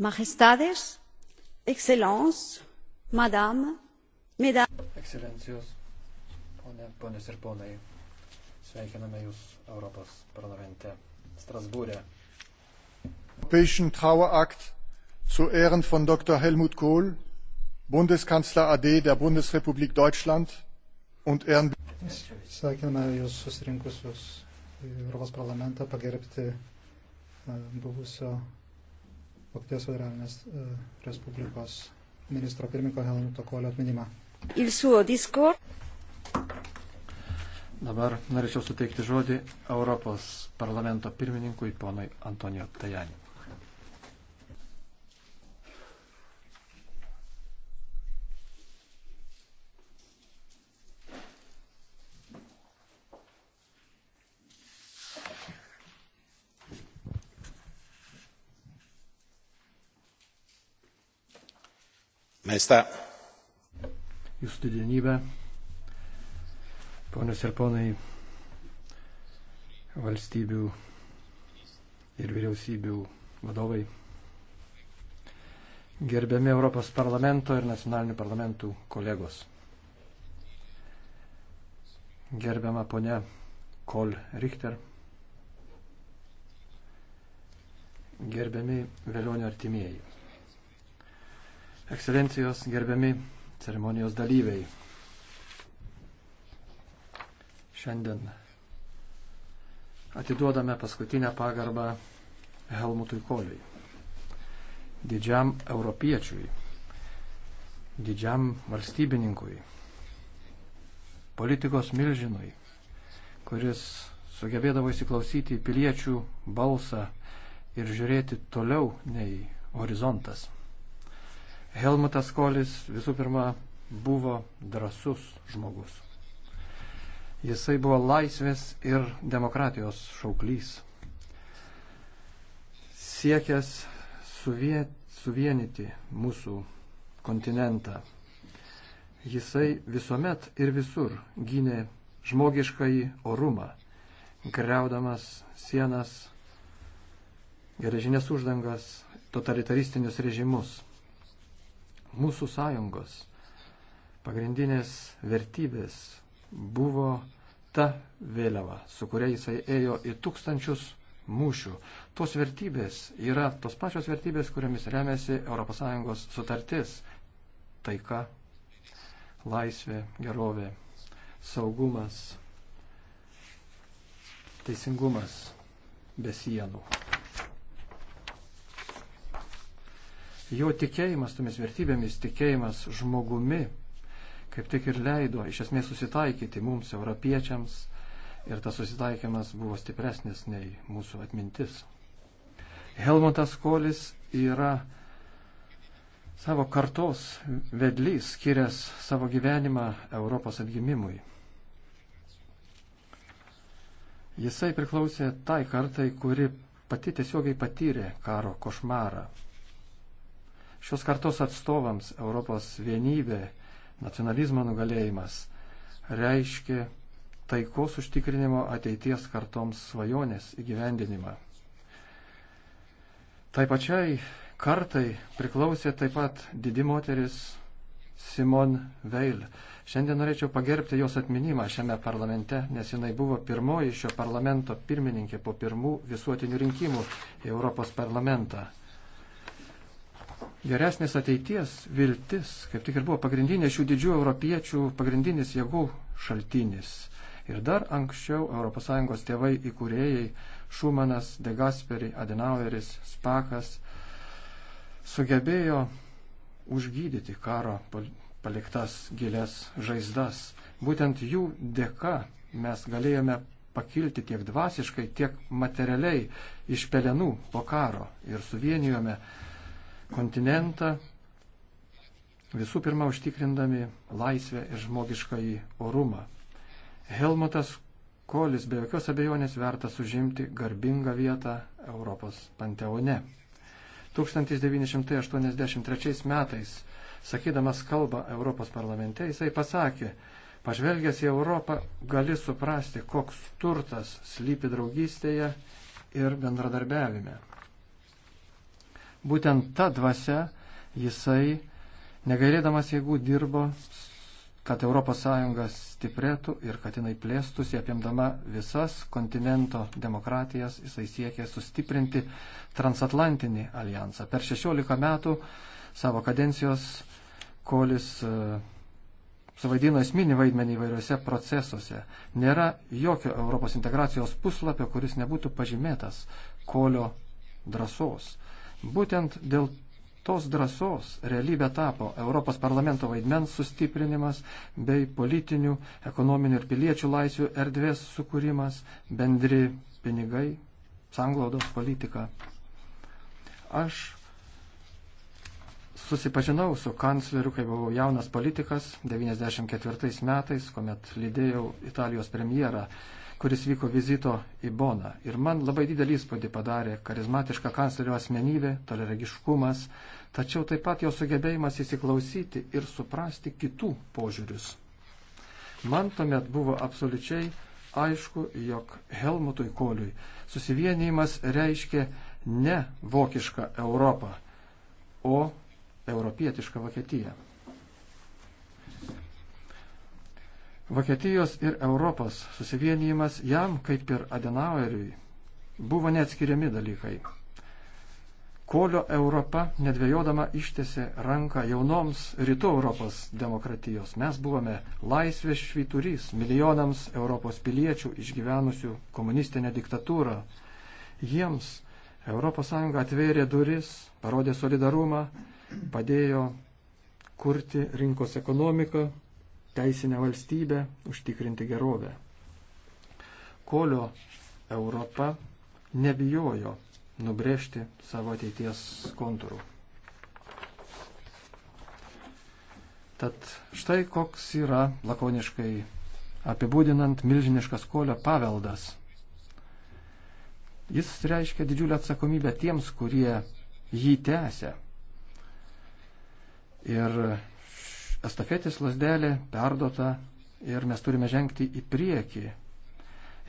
Majestades, Excelences, Madame, Mesdames. Ekscelencijos, ponė, ponės ir ponai, sveikiname Jūs Europos parlamente Strasbūrė. Europäischen Trauerakt zu Ehren von Dr. Helmut Kohl, Bundeskanzler AD der Bundesrepublik Deutschland und Ehren. Sveikiname Jūs susirinkusius Europos parlamentą pagerbti e, buvusio Vokietijos federalinės e, Respublikos ministro pirmininko Helmuto Kolio atminimą. Il suo disco. Dabar norėčiau suteikti žodį Europos parlamento pirmininkui ponui Antonijo Tajani. Maestą. Jūsų didenybė, ponios ir ponai, valstybių ir vyriausybių vadovai, gerbiami Europos parlamento ir nacionalinių parlamentų kolegos, gerbiama ponia Kol Richter, gerbiami vėlionio artimieji. Ekscelencijos gerbiami ceremonijos dalyviai. Šiandien atiduodame paskutinę pagarbą Helmutui Koliui, didžiam europiečiui, didžiam valstybininkui, politikos milžinui, kuris sugebėdavo įsiklausyti į piliečių balsą ir žiūrėti toliau nei horizontas. Helmutas Kolis visų pirma buvo drasus žmogus. Jisai buvo laisvės ir demokratijos šauklys. Siekęs suvienyti mūsų kontinentą. Jisai visuomet ir visur gynė žmogiškąjį orumą, greudamas sienas, geležinės uždangas, totalitaristinius režimus mūsų sąjungos pagrindinės vertybės buvo ta vėliava, su kuria jisai ėjo į tūkstančius mūšių. Tos vertybės yra tos pačios vertybės, kuriamis remiasi ES sutartis - taika, laisvė, gerovė, saugumas, teisingumas be sienų. Jo tikėjimas tomis vertybėmis, tikėjimas žmogumi, kaip tik ir leido iš esmės susitaikyti mums, europiečiams, ir tas susitaikymas buvo stipresnis nei mūsų atmintis. Helmutas Kolis yra savo kartos vedlys, skirias savo gyvenimą Europos atgimimui. Jisai priklausė tai kartai, kuri pati tiesiogiai patyrė karo košmarą šios kartos atstovams Europos vienybė, nacionalizmo nugalėjimas reiškia taikos užtikrinimo ateities kartoms svajonės įgyvendinimą. Tai pačiai kartai priklausė taip pat didi moteris Simon Veil. Šiandien norėčiau pagerbti jos atminimą šiame parlamente, nes jinai buvo pirmoji šio parlamento pirmininkė po pirmų visuotinių rinkimų į Europos parlamentą geresnės ateities viltis, kaip tik ir buvo pagrindinė šių didžių europiečių pagrindinis jėgų šaltinis. Ir dar anksčiau ES tėvai įkūrėjai Šumanas, De Gasperi, Adenaueris, Spakas sugebėjo užgydyti karo paliktas gilės žaizdas. Būtent jų dėka mes galėjome pakilti tiek dvasiškai, tiek materialiai iš pelenų po karo ir suvienijome kontinentą, visų pirma užtikrindami laisvę ir žmogiškąjį orumą. Helmutas Kolis be jokios abejonės vertas užimti garbingą vietą Europos panteone. 1983 metais, sakydamas kalbą Europos parlamente, jisai pasakė, pažvelgęs į Europą gali suprasti, koks turtas slypi draugystėje ir bendradarbiavime. Būtent ta dvasia jisai, negalėdamas jėgų, dirbo, kad ES stiprėtų ir kad jinai plėstųsi, apimdama visas kontinento demokratijas, jisai siekė sustiprinti transatlantinį alijansą. Per 16 metų savo kadencijos kolis e, suvaidino esminį vaidmenį įvairiuose procesuose. Nėra jokio Europos integracijos puslapio, kuris nebūtų pažymėtas kolio drąsos. Būtent dėl tos drąsos realybė tapo Europos parlamento vaidmens sustiprinimas bei politinių, ekonominių ir piliečių laisvių erdvės sukūrimas, bendri pinigai, sanglaudos politika. Aš susipažinau su kancleriu, kai buvau jaunas politikas, 94 metais, kuomet lydėjau Italijos premjerą kuris vyko vizito į Boną. Ir man labai didelį įspūdį padarė karizmatiška kanclerio asmenybė, toleragiškumas, tačiau taip pat jo sugebėjimas įsiklausyti ir suprasti kitų požiūrius. Man tuomet buvo absoliučiai aišku, jog Helmutui Koliui susivienimas reiškia ne vokišką Europą, o europietišką Vokietiją. Vokietijos ir Europos susivienijimas jam, kaip ir Adenaueriui, buvo neatskiriami dalykai. Kolio Europa nedvėjodama ištėsi ranką jaunoms rytų Europos demokratijos. Mes buvome laisvės švyturys milijonams Europos piliečių išgyvenusių komunistinę diktatūrą. Jiems ES atvėrė duris, parodė solidarumą, padėjo kurti rinkos ekonomiką, teisinę valstybę, užtikrinti gerovę. Kolio Europa nebijojo nubrėžti savo ateities kontūrų. Tad štai koks yra lakoniškai apibūdinant milžiniškas kolio paveldas. Jis reiškia didžiulę atsakomybę tiems, kurie jį tęsia. Ir estafetės lasdelė perdota ir mes turime žengti į priekį.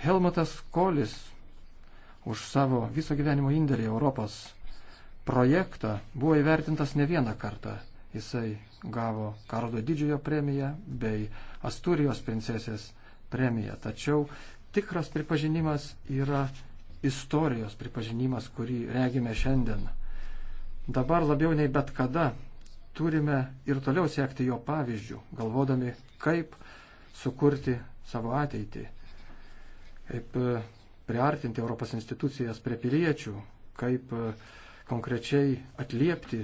Helmutas Kolis už savo viso gyvenimo indėlį Europos projektą buvo įvertintas ne vieną kartą. Jisai gavo Karlo didžiojo premiją bei Asturijos princesės premiją. Tačiau tikras pripažinimas yra istorijos pripažinimas, kurį regime šiandien. Dabar labiau nei bet kada turime ir toliau sekti jo pavyzdžių, galvodami, kaip sukurti savo ateitį, kaip e, priartinti Europos institucijas prie piliečių, kaip e, konkrečiai atliepti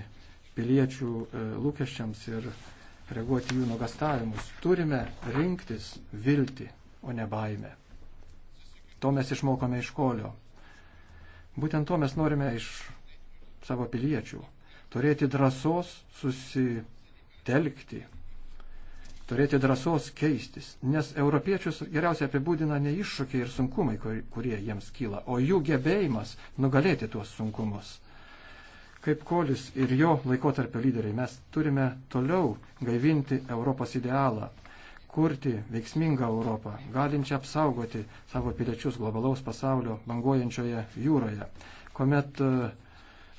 piliečių e, lūkesčiams ir reaguoti jų nuogastavimus. Turime rinktis viltį, o ne baimę. To mes išmokome iš kolio. Būtent to mes norime iš savo piliečių turėti drąsos susitelkti, turėti drąsos keistis, nes europiečius geriausiai apibūdina ne iššūkiai ir sunkumai, kurie jiems kyla, o jų gebėjimas nugalėti tuos sunkumus. Kaip Kolis ir jo laikotarpio lyderiai mes turime toliau gaivinti Europos idealą, kurti veiksmingą Europą, galinčią apsaugoti savo piliečius globalaus pasaulio banguojančioje jūroje, kuomet uh,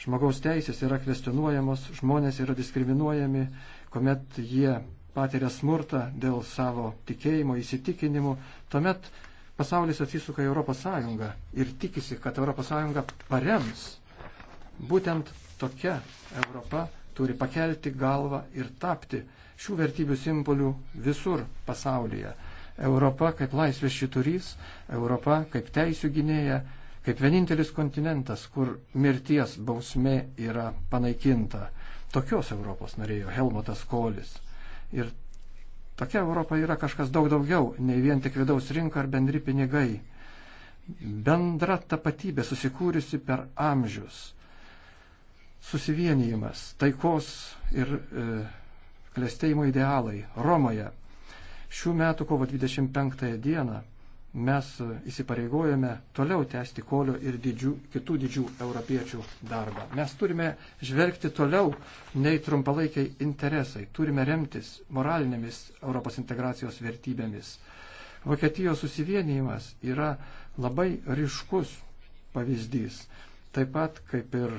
Žmogaus teisės yra kvestionuojamos, žmonės yra diskriminuojami, kuomet jie patiria smurtą dėl savo tikėjimo, įsitikinimų, tuomet pasaulis atsisuka į Europos Sąjungą ir tikisi, kad Europos Sąjunga parems. Būtent tokia Europa turi pakelti galvą ir tapti šių vertybių simbolių visur pasaulyje. Europa kaip laisvės šiturys, Europa kaip teisų gynėja, kaip vienintelis kontinentas, kur mirties bausmė yra panaikinta. Tokios Europos norėjo Helmutas Kolis. Ir tokia Europa yra kažkas daug daugiau, nei vien tik vidaus rinka ar bendri pinigai. Bendra tapatybė susikūrusi per amžius. Susivienijimas, taikos ir e, klėstėjimo idealai Romoje. Šių metų kovo 25 dieną mes įsipareigojame toliau tęsti kolio ir didžių, kitų didžių europiečių darbą. Mes turime žvelgti toliau nei trumpalaikiai interesai, turime remtis moralinėmis Europos integracijos vertybėmis. Vokietijos susivienijimas yra labai ryškus pavyzdys, taip pat kaip ir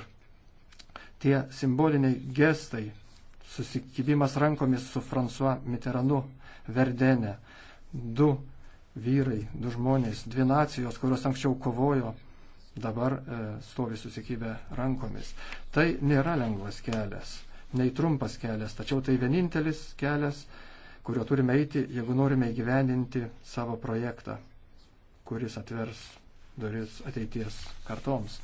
tie simboliniai gestai, susikibimas rankomis su François Mitterrandu Verdene, du vyrai, du žmonės, dvi nacijos, kurios anksčiau kovojo, dabar e, stovi susikybę rankomis. Tai nėra lengvas kelias, nei trumpas kelias, tačiau tai vienintelis kelias, kurio turime eiti, jeigu norime įgyvendinti savo projektą, kuris atvers duris ateities kartoms.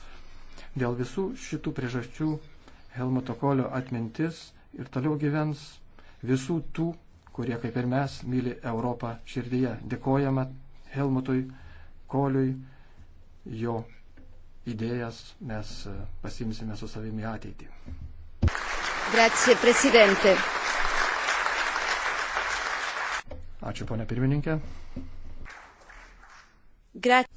Dėl visų šitų priežasčių Helmuto Kolio atmintis ir toliau gyvens visų tų, kurie kaip ir mes myli Europą širdyje. Dėkojame Helmutui Koliui, jo idėjas mes e, pasimsime su savimi ateitį. Grazie, prezidente. Ačiū, ponia pirmininkė. Grazie.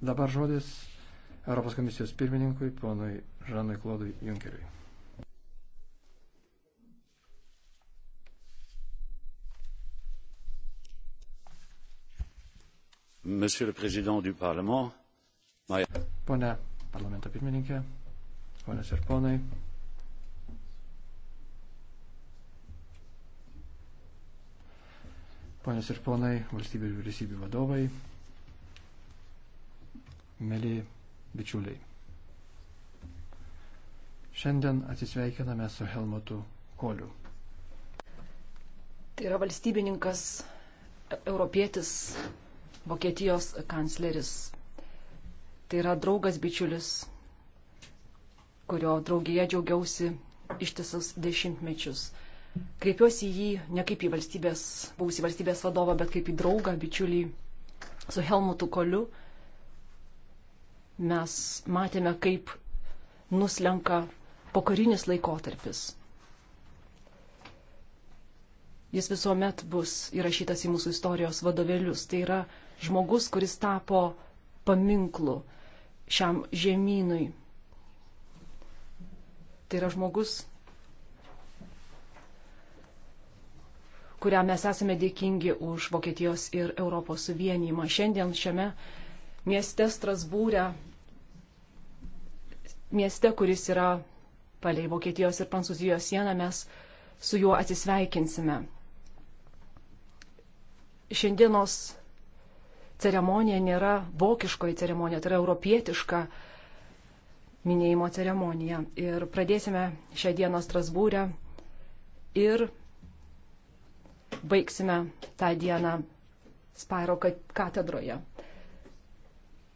Dabar žodis Europos komisijos pirmininkui, ponui Žanui Klodui Junkeriui. Monsieur le Président du Parlement, my... Pone parlamento pirmininkė, ponios ir ponai. Ponios ir ponai, valstybių ir vyriausybių vadovai, mėly bičiuliai. Šiandien atsisveikiname su Helmutu Koliu. Tai yra valstybininkas, europietis, Vokietijos kancleris. Tai yra draugas bičiulis, kurio draugija džiaugiausi ištisus dešimtmečius. Kreipiuosi į jį ne kaip į valstybės, buvusį valstybės vadovą, bet kaip į draugą, bičiulį su Helmutu Koliu Mes matėme, kaip nuslenka pokarinis laikotarpis. Jis visuomet bus įrašytas į mūsų istorijos vadovėlius. Tai yra žmogus, kuris tapo paminklu šiam žemynui. Tai yra žmogus, kuriam mes esame dėkingi už Vokietijos ir Europos suvienijimą. Šiandien šiame mieste Strasbūrė mieste, kuris yra palei Vokietijos ir Prancūzijos sieną, mes su juo atsisveikinsime. Šiandienos ceremonija nėra vokiškoji ceremonija, tai yra europietiška minėjimo ceremonija. Ir pradėsime šią dieną Strasbūrę ir baigsime tą dieną Spairo katedroje.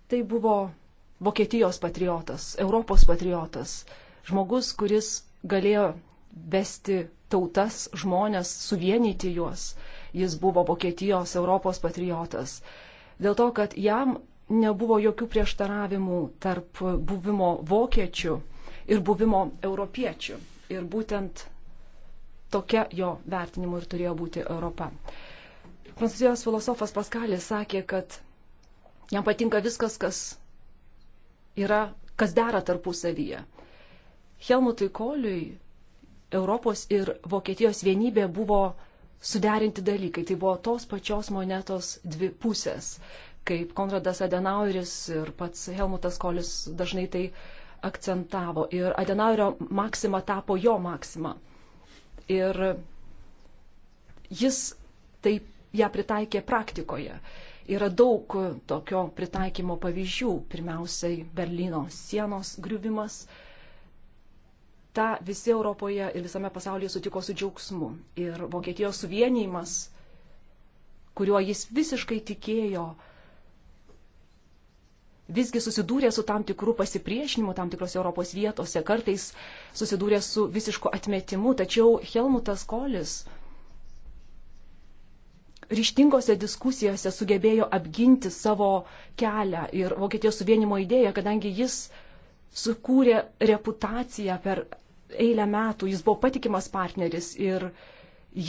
Tai buvo Vokietijos patriotas, Europos patriotas, žmogus, kuris galėjo vesti tautas, žmonės, suvienyti juos. Jis buvo Vokietijos Europos patriotas. Dėl to, kad jam nebuvo jokių prieštaravimų tarp buvimo vokiečių ir buvimo europiečių. Ir būtent tokia jo vertinimu ir turėjo būti Europa. Prancūzijos filosofas Paskalis sakė, kad jam patinka viskas, kas yra, kas dera tarpusavyje. Helmutui Koliui Europos ir Vokietijos vienybė buvo suderinti dalykai. Tai buvo tos pačios monetos dvi pusės, kaip Konradas Adenaueris ir pats Helmutas Kolis dažnai tai akcentavo. Ir Adenauerio maksima tapo jo maksima. Ir jis taip ją pritaikė praktikoje. Yra daug tokio pritaikymo pavyzdžių. Pirmiausiai Berlyno sienos griuvimas. Ta visi Europoje ir visame pasaulyje sutiko su džiaugsmu. Ir Vokietijos suvienijimas, kuriuo jis visiškai tikėjo, visgi susidūrė su tam tikrų pasipriešinimu tam tikros Europos vietose, kartais susidūrė su visišku atmetimu, tačiau Helmutas Kolis ryštingose diskusijose sugebėjo apginti savo kelią ir Vokietijos suvienimo idėją, kadangi jis sukūrė reputaciją per eilę metų, jis buvo patikimas partneris ir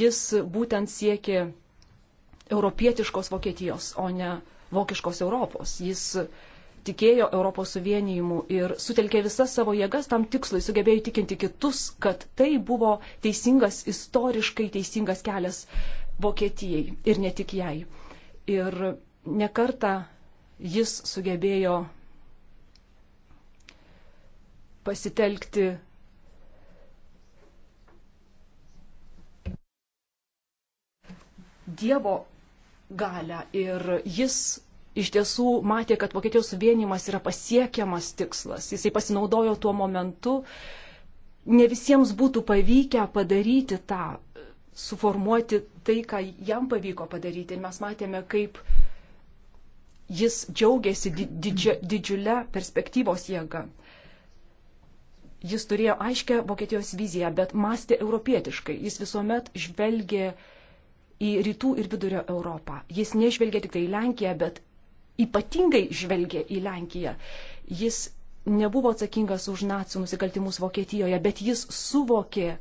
jis būtent siekė europietiškos Vokietijos, o ne vokiškos Europos. Jis tikėjo Europos suvienijimu ir sutelkė visas savo jėgas tam tikslui, sugebėjo įtikinti kitus, kad tai buvo teisingas, istoriškai teisingas kelias Vokietijai ir ne tik jai. Ir nekarta jis sugebėjo pasitelkti Dievo galę ir jis iš tiesų matė, kad Vokietijos suvienimas yra pasiekiamas tikslas. Jisai pasinaudojo tuo momentu. Ne visiems būtų pavykę padaryti tą, suformuoti tai, ką jam pavyko padaryti. Ir mes matėme, kaip jis džiaugiasi didžia, didžiulę perspektyvos jėgą. Jis turėjo aiškę Vokietijos viziją, bet mąstė europietiškai. Jis visuomet žvelgė į rytų ir vidurio Europą. Jis nežvelgė tik tai į Lenkiją, bet ypatingai žvelgė į Lenkiją. Jis nebuvo atsakingas už nacijų nusikaltimus Vokietijoje, bet jis suvokė,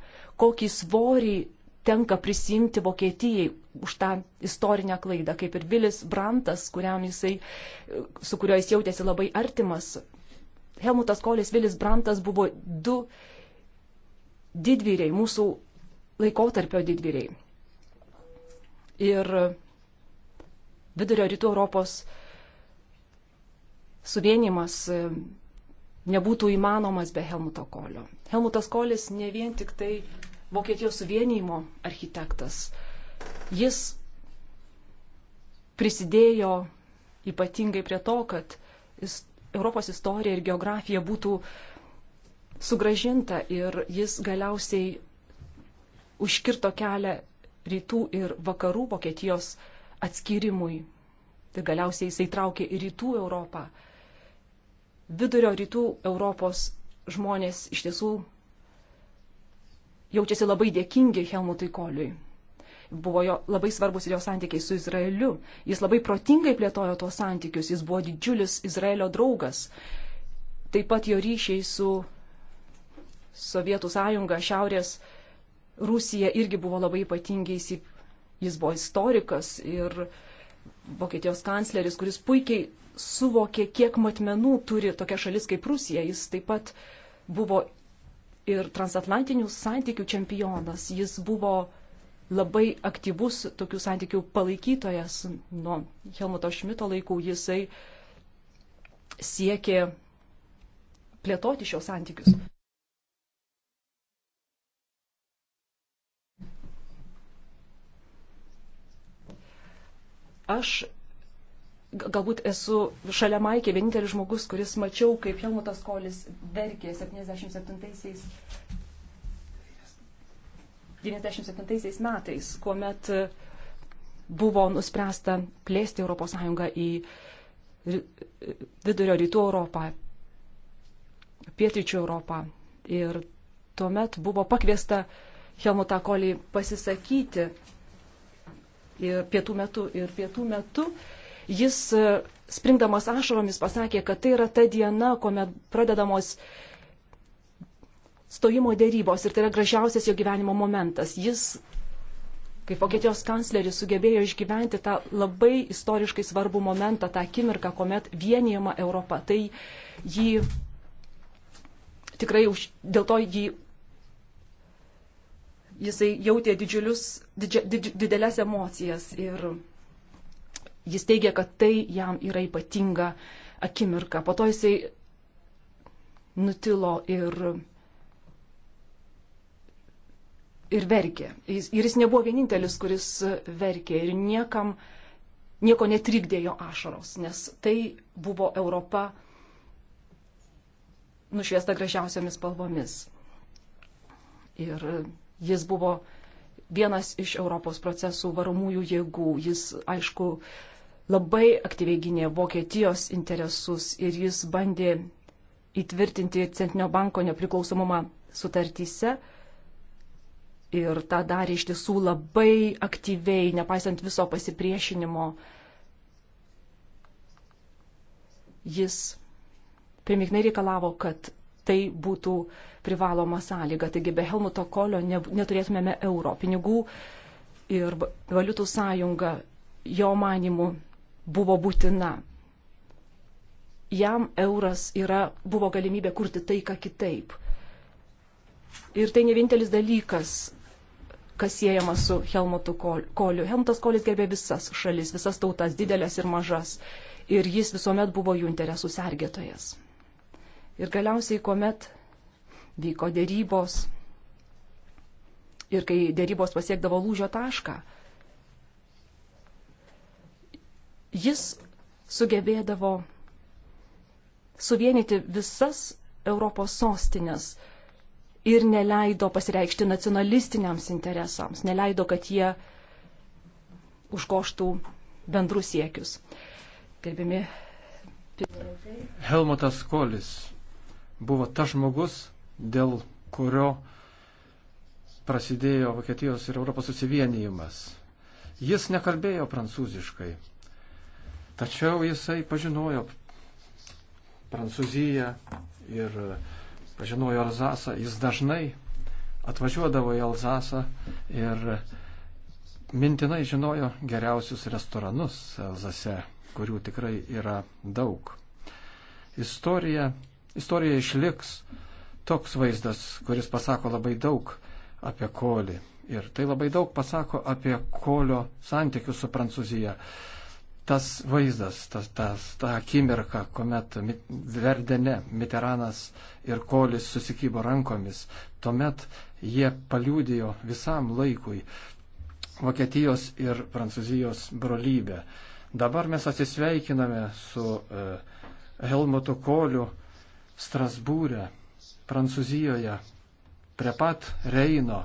kokį svorį tenka prisimti Vokietijai už tą istorinę klaidą, kaip ir Vilis Brantas, jisai, su kuriuo jis jautėsi labai artimas. Helmutas Kolis, Vilis Brantas buvo du didvyriai, mūsų laikotarpio didvyriai. Ir vidurio rytų Europos suvienimas e, nebūtų įmanomas be Helmuto Kolio. Helmutas Kolis ne vien tik tai Vokietijos suvienijimo architektas. Jis prisidėjo ypatingai prie to, kad Europos istorija ir geografija būtų sugražinta ir jis galiausiai užkirto kelią rytų ir vakarų Vokietijos atskyrimui. Ir tai galiausiai jisai traukė į rytų Europą. Vidurio rytų Europos žmonės iš tiesų jaučiasi labai dėkingi Helmutui Koliui. Buvo jo labai svarbus ir jo santykiai su Izraeliu. Jis labai protingai plėtojo tuos santykius, jis buvo didžiulis Izraelio draugas. Taip pat jo ryšiai su Sovietų sąjunga, Šiaurės Rusija irgi buvo labai ypatingi. Jis buvo istorikas ir Vokietijos kancleris, kuris puikiai suvokė, kiek matmenų turi tokia šalis kaip Rusija. Jis taip pat buvo ir transatlantinių santykių čempionas. Jis buvo labai aktyvus tokių santykių palaikytojas nuo Helmuto Šmito laikų. Jisai siekė plėtoti šios santykius. Aš galbūt esu šalia Maikė vienintelis žmogus, kuris mačiau, kaip Helmutas Kolis verkė 77-aisiais 97 metais, kuomet buvo nuspręsta plėsti ES į vidurio rytų Europą, pietryčių Europą. Ir tuomet buvo pakviesta Helmutą Kolį pasisakyti ir pietų metu. Ir pietų metu uh, Jis e, springdamas ašaromis pasakė, kad tai yra ta diena, kuomet pradedamos stojimo dėrybos ir tai yra gražiausias jo gyvenimo momentas. Jis, kaip Vokietijos kancleris, sugebėjo išgyventi tą labai istoriškai svarbų momentą, tą akimirką, kuomet vienijama Europa. Tai jį tikrai už, dėl to jį jisai jautė didžiulius, didž, didž, didelės emocijas ir jis teigia, kad tai jam yra ypatinga akimirka. Po to jisai nutilo ir, ir verkė. Jis, ir jis nebuvo vienintelis, kuris verkė ir niekam, nieko netrikdė jo ašaros, nes tai buvo Europa nušviesta gražiausiamis spalvomis. Ir jis buvo vienas iš Europos procesų varomųjų jėgų. Jis, aišku, labai aktyviai gynė Vokietijos interesus ir jis bandė įtvirtinti Centrinio banko nepriklausomumą sutartyse. Ir tą darė iš tiesų labai aktyviai, nepaisant viso pasipriešinimo. Jis primiknai reikalavo, kad tai būtų privaloma sąlyga. Taigi be Helmuto Kolio ne, neturėtumėme euro pinigų ir valiutų sąjunga jo manimu buvo būtina. Jam euras yra, buvo galimybė kurti taiką kitaip. Ir tai ne vienintelis dalykas, kas siejama su Helmutu Koliu. Helmutas Kolis gerbė visas šalis, visas tautas, didelės ir mažas. Ir jis visuomet buvo jų interesų sergėtojas. Ir galiausiai, kuomet vyko dėrybos ir kai dėrybos pasiekdavo lūžio tašką, Jis sugebėdavo suvienyti visas Europos sostinės ir neleido pasireikšti nacionalistiniams interesams, neleido, kad jie užkoštų bendrus siekius. Gerbimi. Helmutas Kolis buvo tas žmogus, dėl kurio prasidėjo Vokietijos ir Europos susivienijimas. Jis nekalbėjo prancūziškai, Tačiau jisai pažinojo Prancūziją ir pažinojo Alzasą. Jis dažnai atvažiuodavo į Alzasą ir mintinai žinojo geriausius restoranus Alzase, kurių tikrai yra daug. Istorija, istorija išliks toks vaizdas, kuris pasako labai daug apie kolį. Ir tai labai daug pasako apie kolio santykius su Prancūzija tas vaizdas, tas, tas, ta akimirka, kuomet Verdene Miteranas ir Kolis susikybo rankomis, tuomet jie paliūdėjo visam laikui Vokietijos ir Prancūzijos brolybę. Dabar mes atsisveikiname su uh, Helmutu Koliu Strasbūrė, Prancūzijoje, prie pat Reino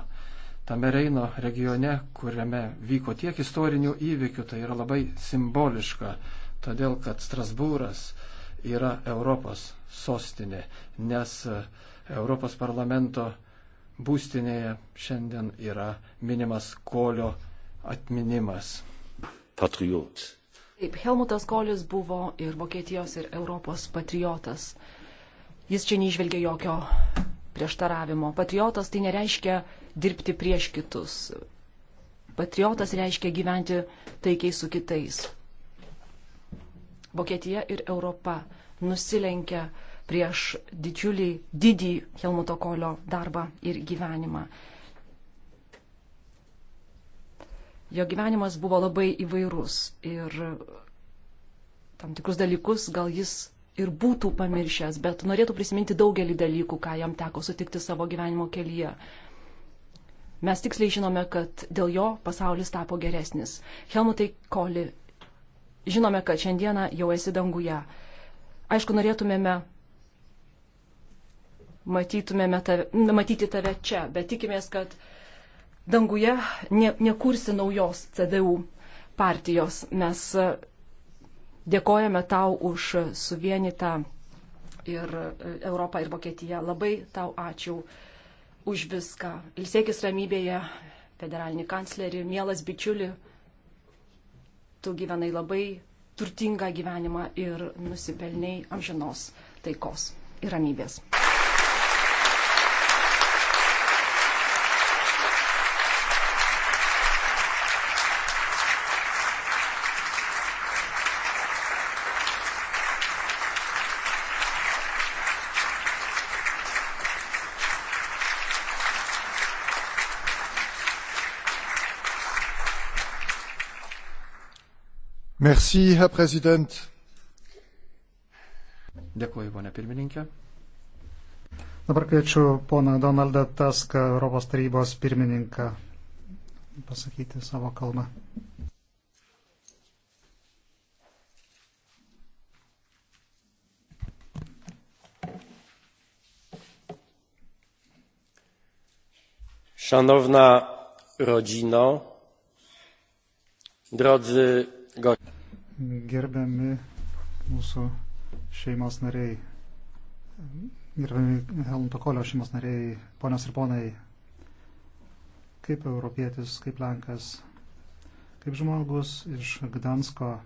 tame Reino regione, kuriame vyko tiek istorinių įvykių, tai yra labai simboliška, todėl kad Strasbūras yra Europos sostinė, nes e, Europos parlamento būstinėje šiandien yra minimas kolio atminimas. Patriot. Taip, Helmutas Kolis buvo ir Vokietijos, ir Europos patriotas. Jis čia neižvelgia jokio prieštaravimo. Patriotas tai nereiškia dirbti prieš kitus. Patriotas reiškia gyventi taikiai su kitais. Vokietija ir Europa nusilenkia prieš didžiulį, didį Helmuto Kolio darbą ir gyvenimą. Jo gyvenimas buvo labai įvairus ir tam tikrus dalykus gal jis ir būtų pamiršęs, bet norėtų prisiminti daugelį dalykų, ką jam teko sutikti savo gyvenimo kelyje. Mes tiksliai žinome, kad dėl jo pasaulis tapo geresnis. Helmutai Koli, žinome, kad šiandieną jau esi danguje. Aišku, norėtumėme tave, matyti tave čia, bet tikimės, kad danguje ne, nekursi naujos CDU partijos. Mes e, dėkojame tau už suvienytą ir e, Europą ir Vokietiją. Labai tau ačiū už viską. Ilsėkis ramybėje, federalinį kanclerį, mielas bičiuli, tu gyvenai labai turtingą gyvenimą ir nusipelniai amžinos taikos ir ramybės. Merci, Herr Präsident. Dėkuoju, ponė pirmininkė. Dabar kviečiu poną Donaldą Taską, Europos tarybos pirmininką, pasakyti savo kalbą. Szanowna rodzino, drodzy Gerbiami mūsų šeimos nariai, gerbiami Helmuto Kolio šeimos nariai, ponios ir ponai, kaip europietis, kaip lenkas, kaip žmogus iš Gdansko. E,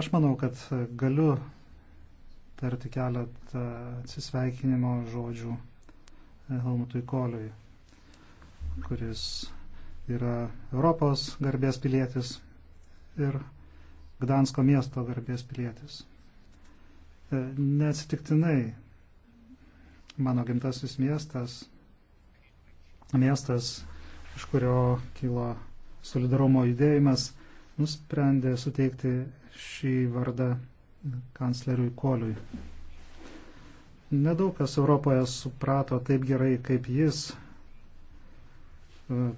aš manau, kad galiu tarti keletą atsisveikinimo žodžių Helmutui Koliui, kuris yra Europos garbės pilietis ir Gdansko miesto garbės pilietis. E, neatsitiktinai mano gimtasis miestas, miestas, iš kurio kilo solidarumo judėjimas, nusprendė suteikti šį vardą kancleriui Koliui. Nedaug kas Europoje suprato taip gerai kaip jis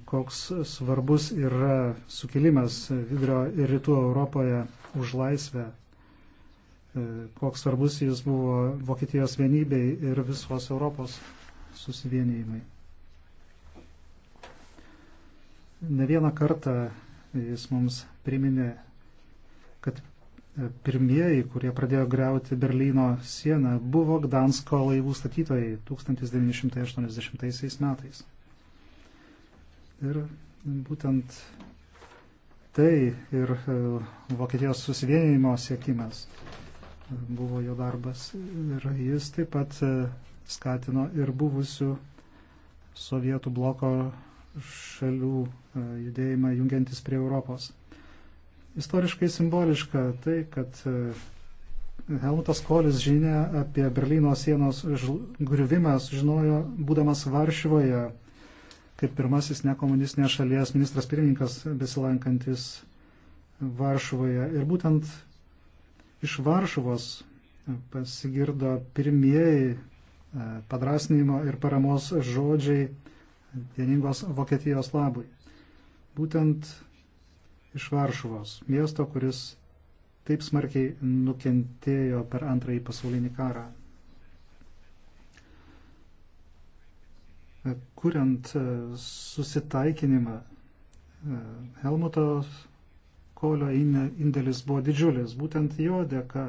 koks svarbus yra sukilimas vidurio ir rytų Europoje už laisvę, e, koks svarbus jis buvo Vokietijos vienybei ir visos Europos susivienijimai. Ne vieną kartą jis mums priminė, kad e, pirmieji, kurie pradėjo greuti Berlyno sieną, buvo Gdansko laivų statytojai 1980 metais. Ir būtent tai ir e, Vokietijos susivienimo siekimas buvo jo darbas. Ir jis taip pat e, skatino ir buvusių sovietų bloko šalių e, judėjimą jungiantis prie Europos. Istoriškai simboliška tai, kad Helmutas Kolis žinia apie Berlyno sienos griuvimą sužinojo būdamas Varšuvoje kaip pirmasis nekomunistinės šalies ministras pirmininkas besilankantis Varšuvoje. Ir būtent iš Varšuvos pasigirdo pirmieji e, padrasnimo ir paramos žodžiai vieningos Vokietijos labui. Būtent iš Varšuvos, miesto, kuris taip smarkiai nukentėjo per antrąjį pasaulinį karą. E, kuriant e, susitaikinimą. E, Helmuto Kolio indėlis buvo didžiulis, būtent jo dėka,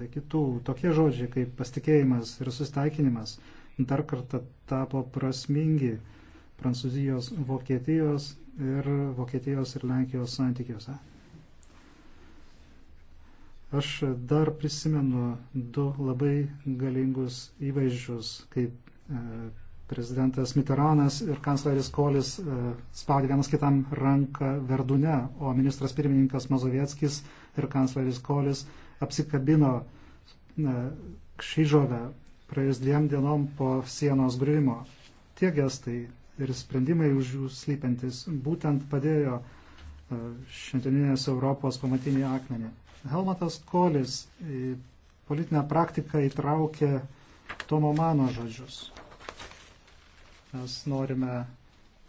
be kitų, tokie žodžiai kaip pasitikėjimas ir susitaikinimas dar kartą tapo prasmingi Prancūzijos, Vokietijos ir Vokietijos ir Lenkijos santykiuose. Aš dar prisimenu du labai galingus įvaizdžius, kaip Prezidentas Mitteranas ir kancleris Kolis e, spaudė vienas kitam ranką Verdune, o ministras pirmininkas Mazovieckis ir kancleris Kolis apsikabino e, Kšyžovę praėjus dviem dienom po sienos griuvimo. Tie gestai ir sprendimai už jų slypintis būtent padėjo e, šiandieninės Europos pamatinį akmenį. Helmutas Kolis į politinę praktiką įtraukė Tomo Mano žodžius. Mes norime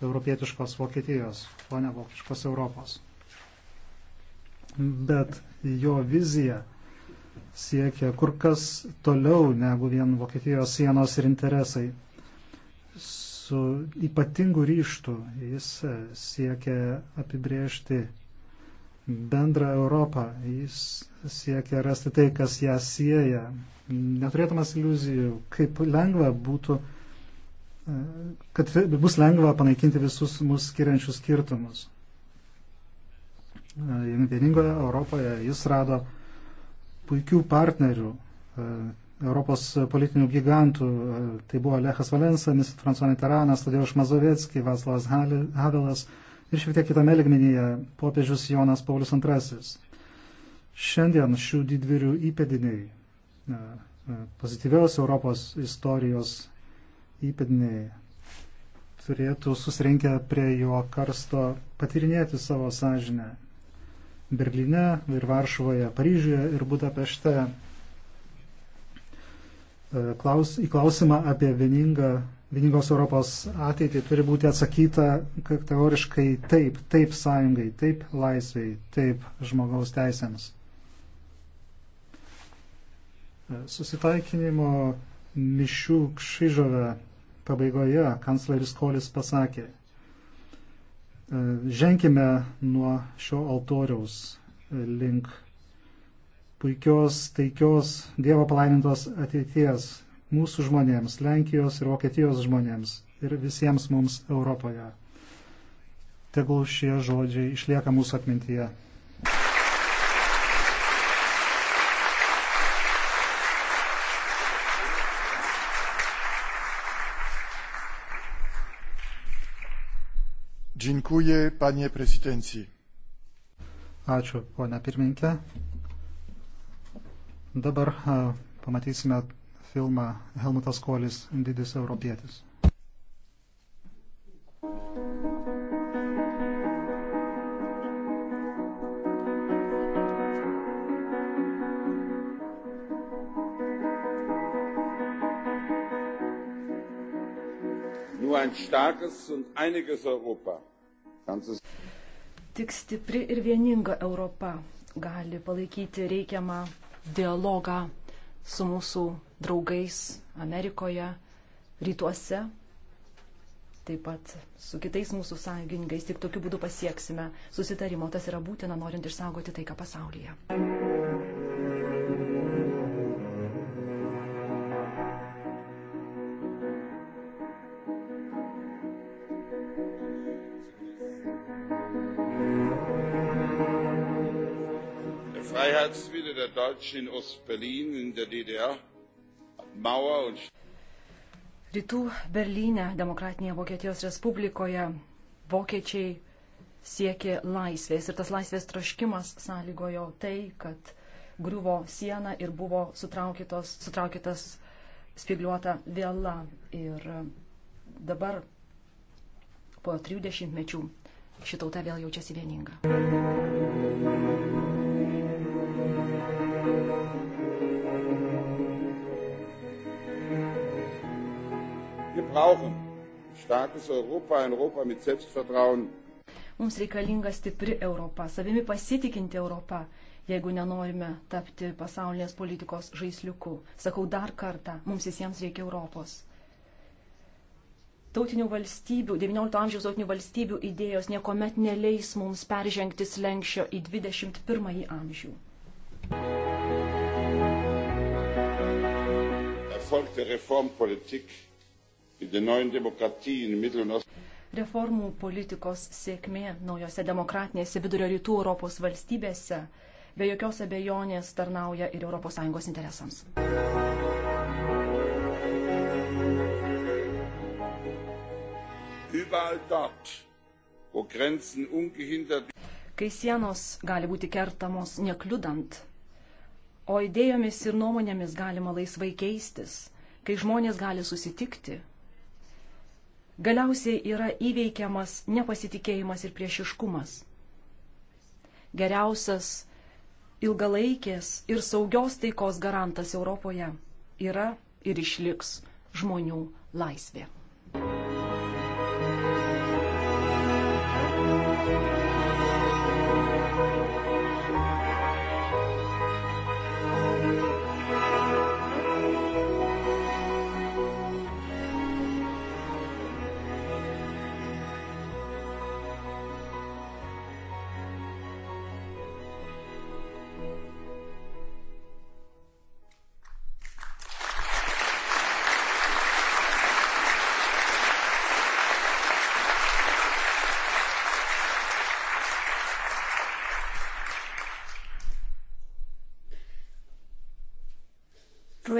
europietiškos Vokietijos, o ne vokiškos Europos. Bet jo vizija siekia kur kas toliau negu vien Vokietijos sienos ir interesai. Su ypatingu ryštu jis e, siekia apibriežti bendrą Europą, jis siekia rasti tai, kas ją sieja. Neturėtumas iliuzijų, kaip lengva būtų uh, kad bus lengva panaikinti visus mūsų skiriančius skirtumus. E, vieningoje Europoje jis rado puikių partnerių e, Europos politinių gigantų. E, tai buvo Lechas Valensanis, Fransonė Taranas, Tadeusz Mazoviecki, Vaslavas Havelas ir šiek tiek kitame ligmenyje popiežius Jonas Paulius II. Šiandien šių didvyrių įpėdiniai pozityvios Europos istorijos įpėdiniai turėtų susirinkę prie jo karsto patirinėti savo sąžinę. Berlyne ir Varšuvoje, Paryžiuje ir Budapešte e, klaus, į klausimą apie vieningą, vieningos Europos ateitį turi būti atsakyta kategoriškai taip, taip sąjungai, taip laisviai, taip žmogaus teisėms. E, susitaikinimo mišių kšyžove pabaigoje kancleris Kolis pasakė, e, ženkime nuo šio altoriaus e, link puikios, taikios, Dievo palaimintos ateities mūsų žmonėms, Lenkijos ir Vokietijos žmonėms ir visiems mums Europoje. Tegul šie žodžiai išlieka mūsų atmintyje. Dziękuję, panie prezidencji. Ačiū, ponia pirmininkė. Dabar e, pamatysime filmą Helmutas Kolis, didis europietis. nur ein starkes und einiges europa Tik stipri ir vieninga Europa gali palaikyti reikiamą dialogą su mūsų draugais Amerikoje, rytuose, taip pat su kitais mūsų sąjungininkais. Tik tokiu būdu pasieksime susitarimo. Tas yra būtina, norint išsaugoti taiką pasaulyje. gestalten in Ostberlin in der DDR Mauer und Rytų Berlyne, Demokratinėje Vokietijos Respublikoje, vokiečiai siekė laisvės ir tas laisvės traškimas sąlygojo tai, kad griuvo siena ir buvo sutraukytas spigliuota viela. Ir dabar po 30 mečių šitauta vėl jaučiasi vieninga. brauchen ein starkes Europa, ein Europa mit Selbstvertrauen. Mums reikalinga stipri Europa, savimi pasitikinti Europa, jeigu nenorime tapti pasaulinės politikos žaisliuku. Sakau dar kartą, mums visiems reikia Europos. Tautinių valstybių, XIX amžiaus tautinių valstybių idėjos niekuomet neleis mums peržengti slengščio į XXI amžių. Erfolgte Reformpolitik Reformų politikos sėkmė naujose demokratinėse vidurio rytų Europos valstybėse be jokios abejonės tarnauja ir ES interesams. Kai sienos gali būti kertamos nekliudant, o idėjomis ir nuomonėmis galima laisvai keistis, kai žmonės gali susitikti, galiausiai yra įveikiamas nepasitikėjimas ir priešiškumas. Geriausias ilgalaikės ir saugios taikos garantas Europoje yra ir išliks žmonių laisvė.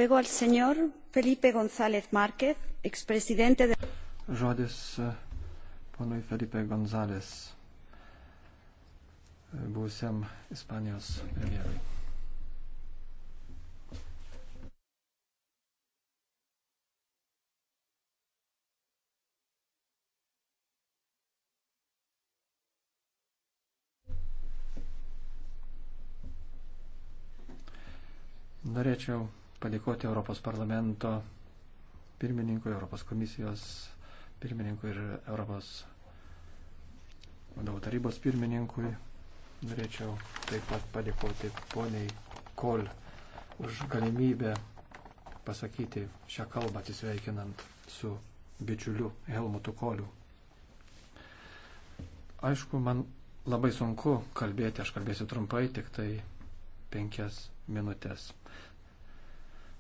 luego al señor Felipe González Márquez, expresidente de. Žodis eh, ponui Felipe González, eh, buvusiam Ispanijos premjerui. Norėčiau padėkoti Europos parlamento pirmininkui, Europos komisijos pirmininkui ir Europos vadovų tarybos pirmininkui. Norėčiau taip pat padėkoti poniai Kol už galimybę pasakyti šią kalbą atsisveikinant su bičiuliu Helmutu Koliu. Aišku, man labai sunku kalbėti, aš kalbėsiu trumpai, tik tai penkias minutės.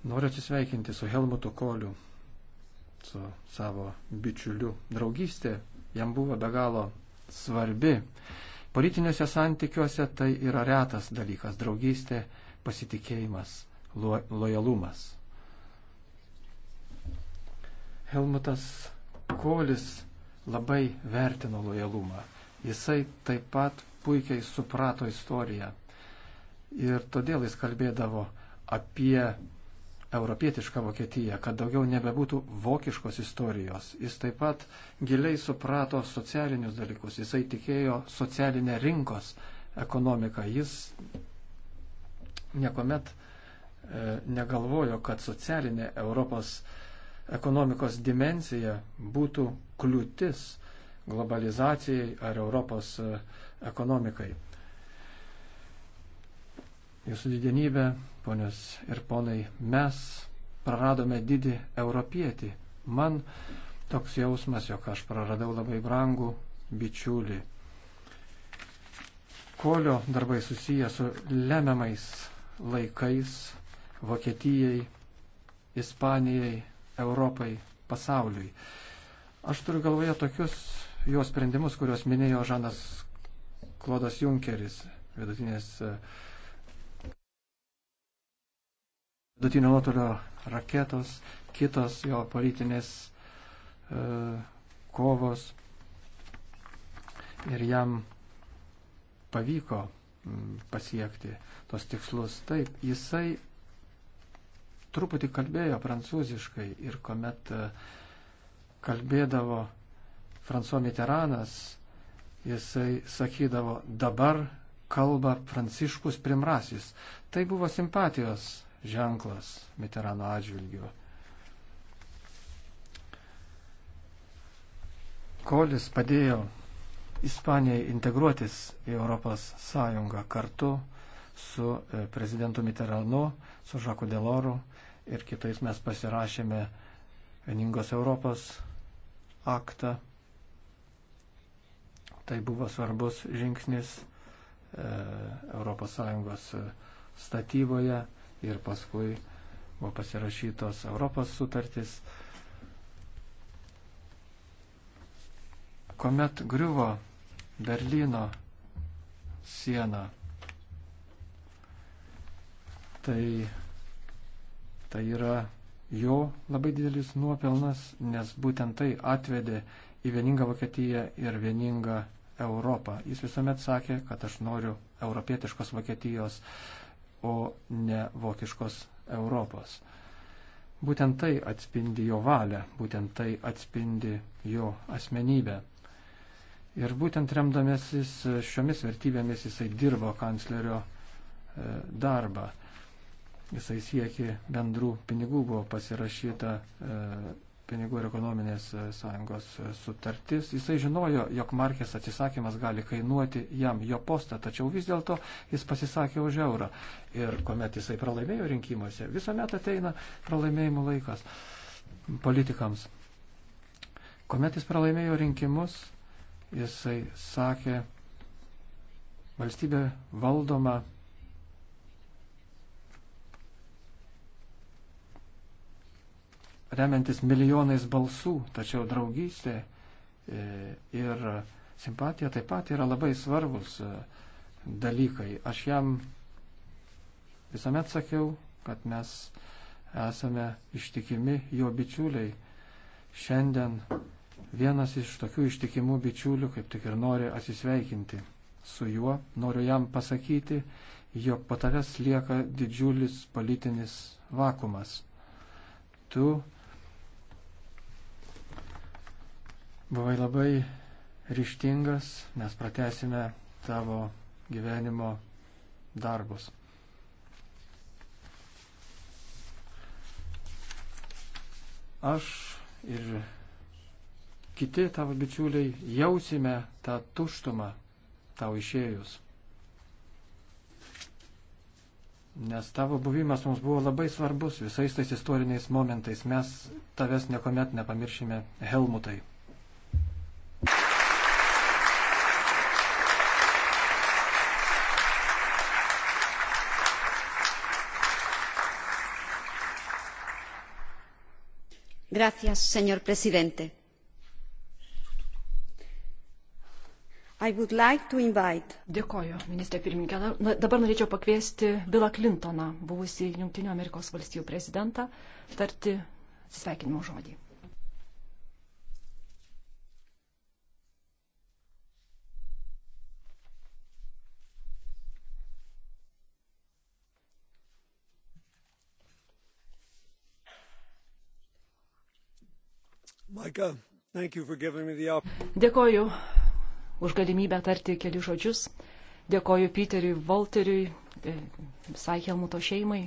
Noriu atsisveikinti su Helmutu Koliu, su savo bičiuliu. Draugystė jam buvo be galo svarbi. Politiniuose santykiuose tai yra retas dalykas - draugystė, pasitikėjimas, lo, lojalumas. Helmutas Kolis labai vertino lojalumą. Jisai taip pat puikiai suprato istoriją. Ir todėl jis kalbėdavo apie europietišką Vokietiją, kad daugiau nebebūtų vokiškos istorijos. Jis taip pat giliai suprato socialinius dalykus, jisai tikėjo socialinę rinkos ekonomiką. Jis niekuomet e, negalvojo, kad socialinė Europos ekonomikos dimensija būtų kliūtis globalizacijai ar Europos e, ekonomikai. Jūsų didenybė, ponios ir ponai, mes praradome didį europietį. Man toks jausmas, jog aš praradau labai brangų bičiulį. Kolio darbai susiję su lemiamais laikais Vokietijai, Ispanijai, Europai, pasauliui. Aš turiu galvoje tokius jo sprendimus, kuriuos minėjo Žanas Klodas Junkeris, vidutinės uh, vidutinio nuotolio raketos, kitos jo politinės e, kovos. Ir jam pavyko pasiekti tos tikslus. Taip, jisai truputį kalbėjo prancūziškai ir kuomet e, kalbėdavo François Mitteranas, jisai sakydavo, dabar kalba Pranciškus Primrasis. Tai buvo simpatijos ženklas Miterano atžvilgiu. Kolis padėjo Ispanijai integruotis į Europos Sąjungą kartu su e, prezidentu Mitterrandu, su Žaku Deloru ir kitais mes pasirašėme vieningos Europos aktą. Tai buvo svarbus žingsnis e, Europos Sąjungos e, statyboje ir paskui buvo pasirašytos Europos sutartys. Komet griuvo Berlyno siena, tai, tai yra jo labai didelis nuopelnas, nes būtent tai atvedė į vieningą Vokietiją ir vieningą Europą. Jis visuomet sakė, kad aš noriu europietiškos Vokietijos o ne vokiškos Europos. Būtent tai atspindi jo valią, būtent tai atspindi jo asmenybę. Ir būtent remdamasis šiomis vertybėmis jisai dirbo kanclerio e, darbą. Jisai siekė bendrų pinigų, buvo pasirašyta e, pinigų ir ekonominės e, sąjungos e, sutartis. Jisai žinojo, jog Markės atsisakymas gali kainuoti jam jo postą, tačiau vis dėlto jis pasisakė už eurą. Ir kuomet jisai pralaimėjo rinkimuose, visuomet ateina pralaimėjimo laikas politikams. Kuomet jis pralaimėjo rinkimus, jisai sakė, valstybė valdoma remiantis milijonais balsų, tačiau draugystė e, ir simpatija taip pat yra labai svarbus e, dalykai. Aš jam visuomet sakiau, kad mes esame ištikimi jo bičiuliai. Šiandien vienas iš tokių ištikimų bičiulių kaip tik ir nori atsisveikinti su juo. Noriu jam pasakyti, jog po tavęs lieka didžiulis politinis vakumas. Tu Buvai labai ryštingas, mes pratesime tavo gyvenimo darbus. Aš ir kiti tavo bičiuliai jausime tą tuštumą tau išėjus. Nes tavo buvimas mums buvo labai svarbus visais tais istoriniais momentais. Mes tavęs niekuomet nepamiršime, Helmutai. Gracias, señor presidente. Like invite... Dėkoju, ministrė pirmininkė. Na, dabar norėčiau pakviesti Bilą Clintoną, buvusį Junktinių Amerikos valstijų prezidentą, tarti atsisveikinimo žodį. Maika, Dėkoju už galimybę tarti kelių žodžius. Dėkoju Piteriui, Volteriui, e, visai Helmuto šeimai,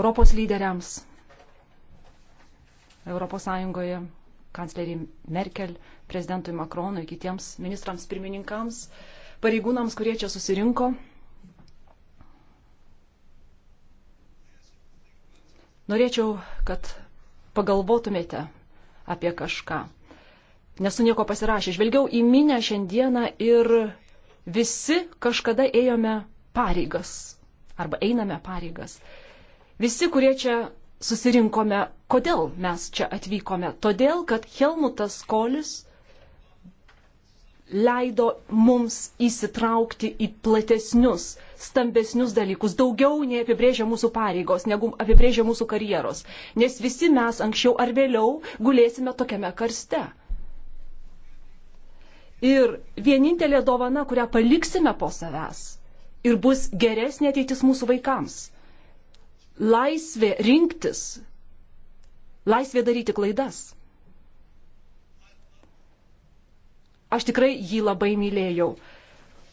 Europos lyderiams, Europos Sąjungoje, kancleriai Merkel, prezidentui Makronui, kitiems ministrams, pirmininkams, pareigūnams, kurie čia susirinko. Norėčiau, kad pagalvotumėte apie kažką. Nesu nieko pasirašę. Žvelgiau į minę šiandieną ir visi kažkada ėjome pareigas. Arba einame pareigas. Visi, kurie čia susirinkome, kodėl mes čia atvykome. Todėl, kad Helmutas Kolis leido mums įsitraukti į platesnius, stambesnius dalykus, daugiau nei apibrėžia mūsų pareigos, negu apibrėžia mūsų karjeros. Nes visi mes anksčiau ar vėliau gulėsime tokiame karste. Ir vienintelė dovana, kurią paliksime po savęs ir bus geresnė ateitis mūsų vaikams. Laisvė rinktis, laisvė daryti klaidas. aš tikrai jį labai mylėjau.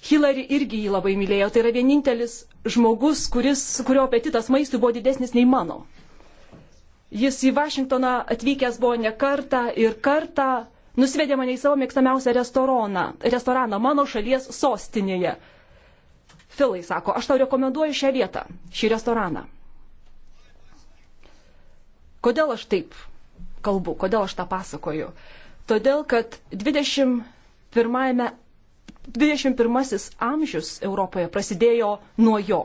Hillary irgi jį labai mylėjo. Tai yra vienintelis žmogus, kuris, kurio apetitas maistui buvo didesnis nei mano. Jis į Vašingtoną atvykęs buvo ne kartą ir kartą nusivedė mane į savo mėgstamiausią restoraną, restoraną mano šalies sostinėje. Filai sako, aš tau rekomenduoju šią vietą, šį restoraną. Kodėl aš taip kalbu, kodėl aš tą pasakoju? Todėl, kad 20 pirmajame 21 amžius Europoje prasidėjo nuo jo.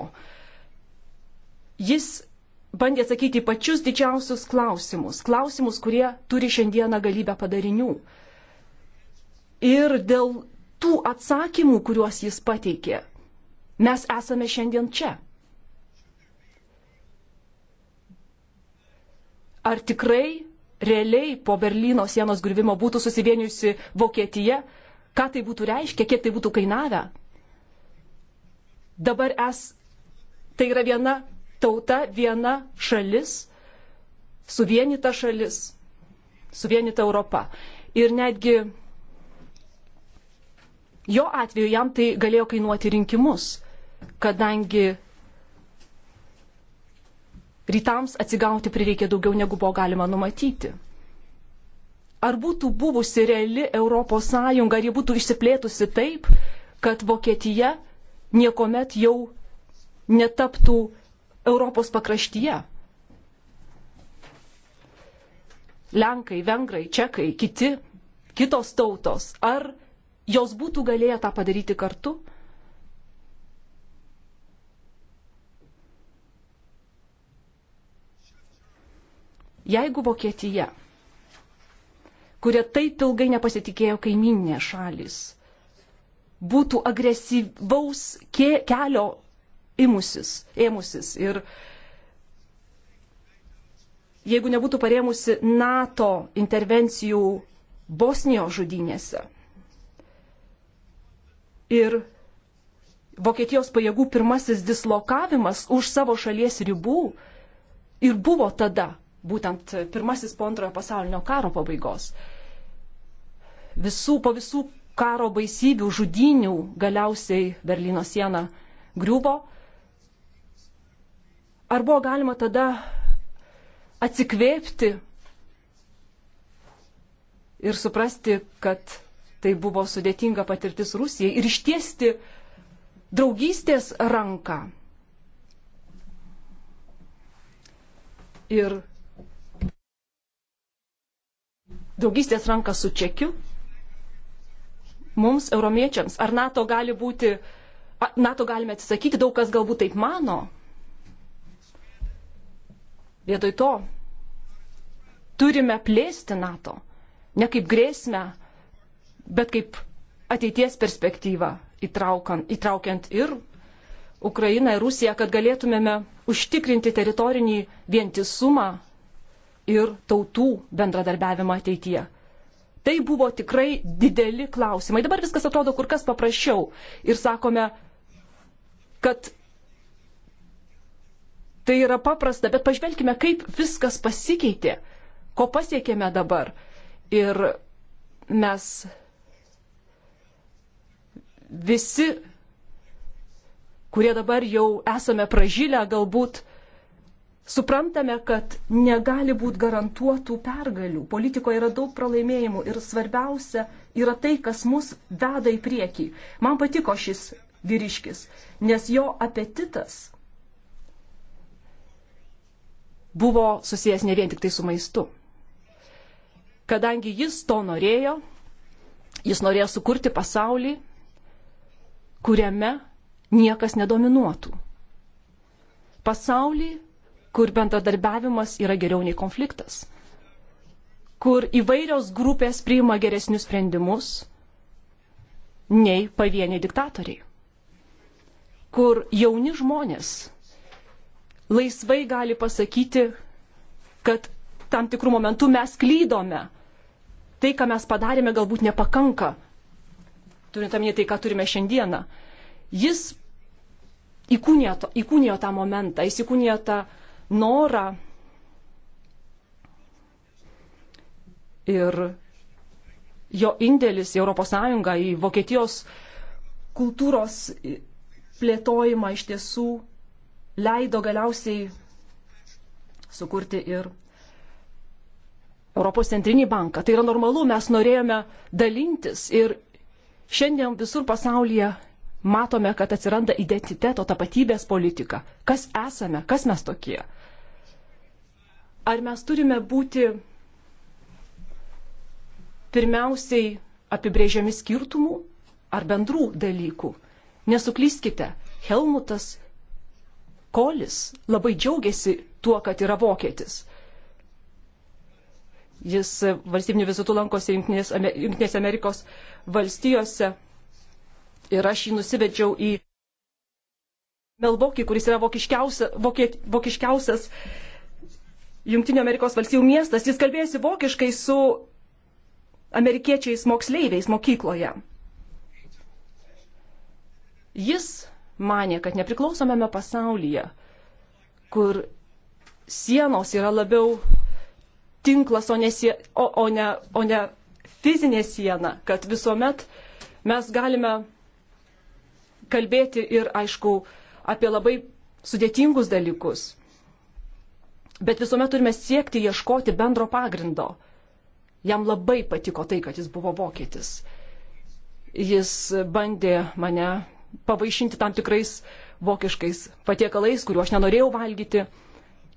Jis bandė atsakyti pačius didžiausius klausimus, klausimus, kurie turi šiandieną galybę padarinių. Ir dėl tų atsakymų, kuriuos jis pateikė, mes esame šiandien čia. Ar tikrai realiai po Berlyno sienos griuvimo būtų susivienijusi Vokietija, ką tai būtų reiškę, kiek tai būtų kainavę. Dabar es, tai yra viena tauta, viena šalis, suvienyta šalis, suvienyta Europa. Ir netgi jo atveju jam tai galėjo kainuoti rinkimus, kadangi rytams atsigauti prireikė daugiau negu buvo galima numatyti ar būtų buvusi reali ES, ar ji būtų išsiplėtusi taip, kad Vokietija niekuomet jau netaptų Europos pakraštyje. Lenkai, vengrai, čekai, kiti, kitos tautos, ar jos būtų galėję tą padaryti kartu? Jeigu Vokietija kurie taip ilgai nepasitikėjo kaiminė šalis, būtų agresyvaus kelio imusis, ėmusis. Ir jeigu nebūtų paremusi NATO intervencijų Bosnijos žudynėse ir Vokietijos pajėgų pirmasis dislokavimas už savo šalies ribų ir buvo tada, būtent pirmasis po antrojo pasaulinio karo pabaigos visų, po visų karo baisybių, žudinių galiausiai Berlyno siena griuvo. Ar buvo galima tada atsikvėpti ir suprasti, kad tai buvo sudėtinga patirtis Rusijai ir ištiesti draugystės ranką. Ir draugystės ranką su Čekiu mums, euromiečiams, ar NATO gali būti, NATO galime atsisakyti, daug kas galbūt taip mano. Vietoj to turime plėsti NATO, ne kaip grėsmę, bet kaip ateities perspektyvą įtraukiant, įtraukiant ir Ukrainą ir Rusiją, kad galėtumėme užtikrinti teritorinį vientisumą ir tautų bendradarbiavimą ateityje. Tai buvo tikrai dideli klausimai. Dabar viskas atrodo kur kas paprasčiau. Ir sakome, kad tai yra paprasta, bet pažvelkime, kaip viskas pasikeitė, ko pasiekėme dabar. Ir mes visi, kurie dabar jau esame pražylę, galbūt Suprantame, kad negali būti garantuotų pergalių. Politikoje yra daug pralaimėjimų ir svarbiausia yra tai, kas mus veda į priekį. Man patiko šis vyriškis, nes jo apetitas buvo susijęs ne vien tik tai su maistu. Kadangi jis to norėjo, jis norėjo sukurti pasaulį, kuriame niekas nedominuotų. Pasaulį, kur bendradarbiavimas yra geriau nei konfliktas, kur įvairios grupės priima geresnius sprendimus nei pavieniai diktatoriai, kur jauni žmonės laisvai gali pasakyti, kad tam tikrų momentų mes klydome. Tai, ką mes padarėme, galbūt nepakanka, turint omenyje tai, ką turime šiandieną. Jis įkūnijo, įkūnijo tą momentą, jis įkūnijo tą, uh, norą ir jo indėlis į ES, į Vokietijos kultūros plėtojimą iš tiesų leido galiausiai sukurti ir Europos centrinį banką. Tai yra normalu, mes norėjome dalintis ir šiandien visur pasaulyje matome, kad atsiranda identiteto, tapatybės politika. Kas esame, kas mes tokie? Ar mes turime būti pirmiausiai apibrėžiami skirtumų ar bendrų dalykų? Nesuklyskite, Helmutas Kolis labai džiaugiasi tuo, kad yra vokietis. Jis valstybinių vizitų lankosi Junktinės Amerikos valstijose ir aš jį nusivedžiau į Melvokį, kuris yra vokiškiausia, vokie, vokiškiausias Junktinio Amerikos valstybių miestas. Jis kalbėjosi vokiškai su amerikiečiais moksleiviais mokykloje. Jis manė, kad nepriklausomame pasaulyje, kur sienos yra labiau tinklas, o ne, sie, o, o ne, o ne fizinė siena, kad visuomet mes galime kalbėti ir, aišku, apie labai sudėtingus dalykus. Bet visuomet turime siekti ieškoti bendro pagrindo. Jam labai patiko tai, kad jis buvo vokietis. Jis bandė mane pavaišinti tam tikrais vokiškais patiekalais, kuriuo aš nenorėjau valgyti.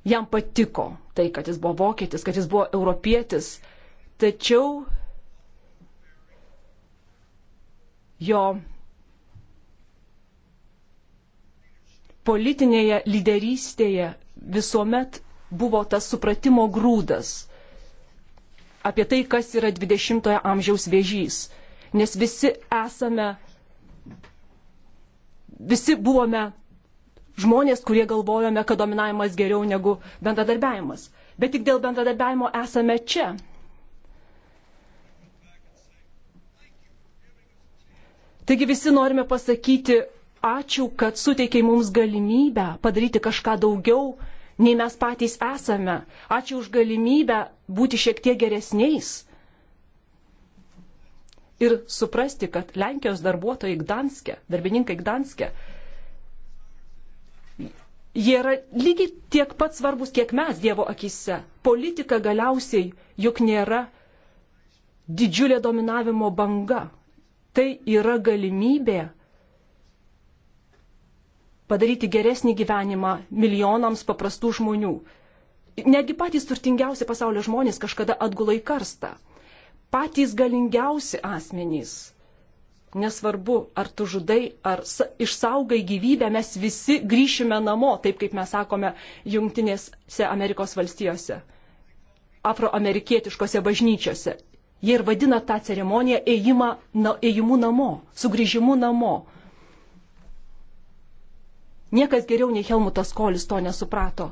Jam patiko tai, kad jis buvo vokietis, kad jis buvo europietis. Tačiau jo politinėje lyderystėje visuomet buvo tas supratimo grūdas apie tai, kas yra 20-ojo amžiaus vėžys. Nes visi esame, visi buvome žmonės, kurie galvojome, kad dominavimas geriau negu bendradarbiavimas. Bet tik dėl bendradarbiavimo esame čia. Taigi visi norime pasakyti, ačiū, kad suteikiai mums galimybę padaryti kažką daugiau, nei mes patys esame. Ačiū už galimybę būti šiek tiek geresniais. Ir suprasti, kad Lenkijos darbuotojai Gdanskė, darbininkai Gdanskė, jie yra lygiai tiek pat svarbus, kiek mes Dievo akise. Politika galiausiai juk nėra didžiulė dominavimo banga. Tai yra galimybė padaryti geresnį gyvenimą milijonams paprastų žmonių. Netgi patys turtingiausi pasaulio žmonės kažkada atgula į karstą. Patys galingiausi asmenys. Nesvarbu, ar tu žudai, ar išsaugai gyvybę, mes visi grįšime namo, taip kaip mes sakome Junktinėse Amerikos valstijose, afroamerikietiškose bažnyčiose. Jie ir vadina tą ceremoniją ėjimą, na, ėjimu namo, sugrįžimu namo Niekas geriau nei Helmutas Kolis to nesuprato.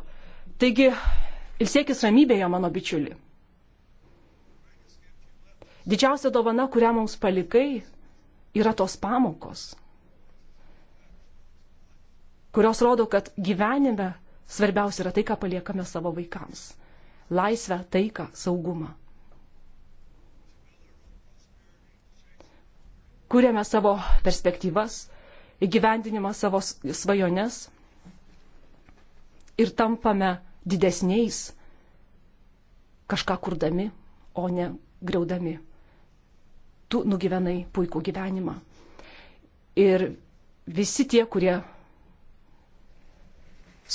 Taigi, ilsėkis ramybėje, mano bičiuli. Didžiausia dovana, kurią mums palikai, yra tos pamokos, kurios rodo, kad gyvenime svarbiausia yra tai, ką paliekame savo vaikams. Laisvę, taiką, saugumą. Kūrėme savo perspektyvas, įgyvendinimą savo svajones ir tampame didesniais kažką kurdami, o ne greudami. Tu nugyvenai puikų gyvenimą. Ir visi tie, kurie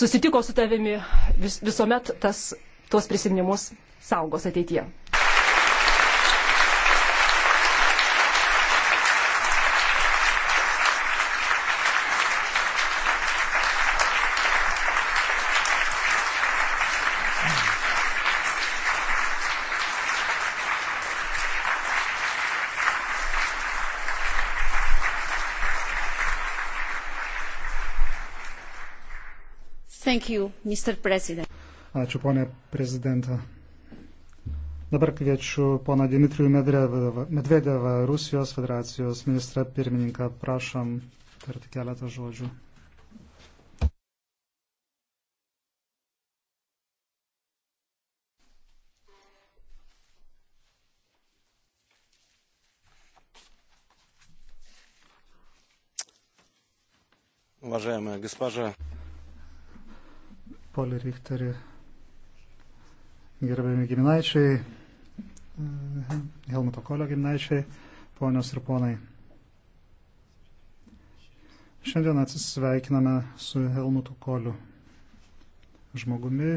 susitiko su tavimi, vis, visuomet tas, tuos prisiminimus saugos ateityje. You, Ačiū, ponė prezidentą. Dabar kviečiu poną Dimitrijų Medvedevą, Medvedevą, Rusijos federacijos ministrą pirmininką. Prašom tarti keletą žodžių. Уважаемая госпожа Poli Richteri, gerbėmi giminaičiai, Helmuto Kolio giminaičiai, ponios ir ponai. Šiandien atsisveikiname su Helmutu Koliu, žmogumi,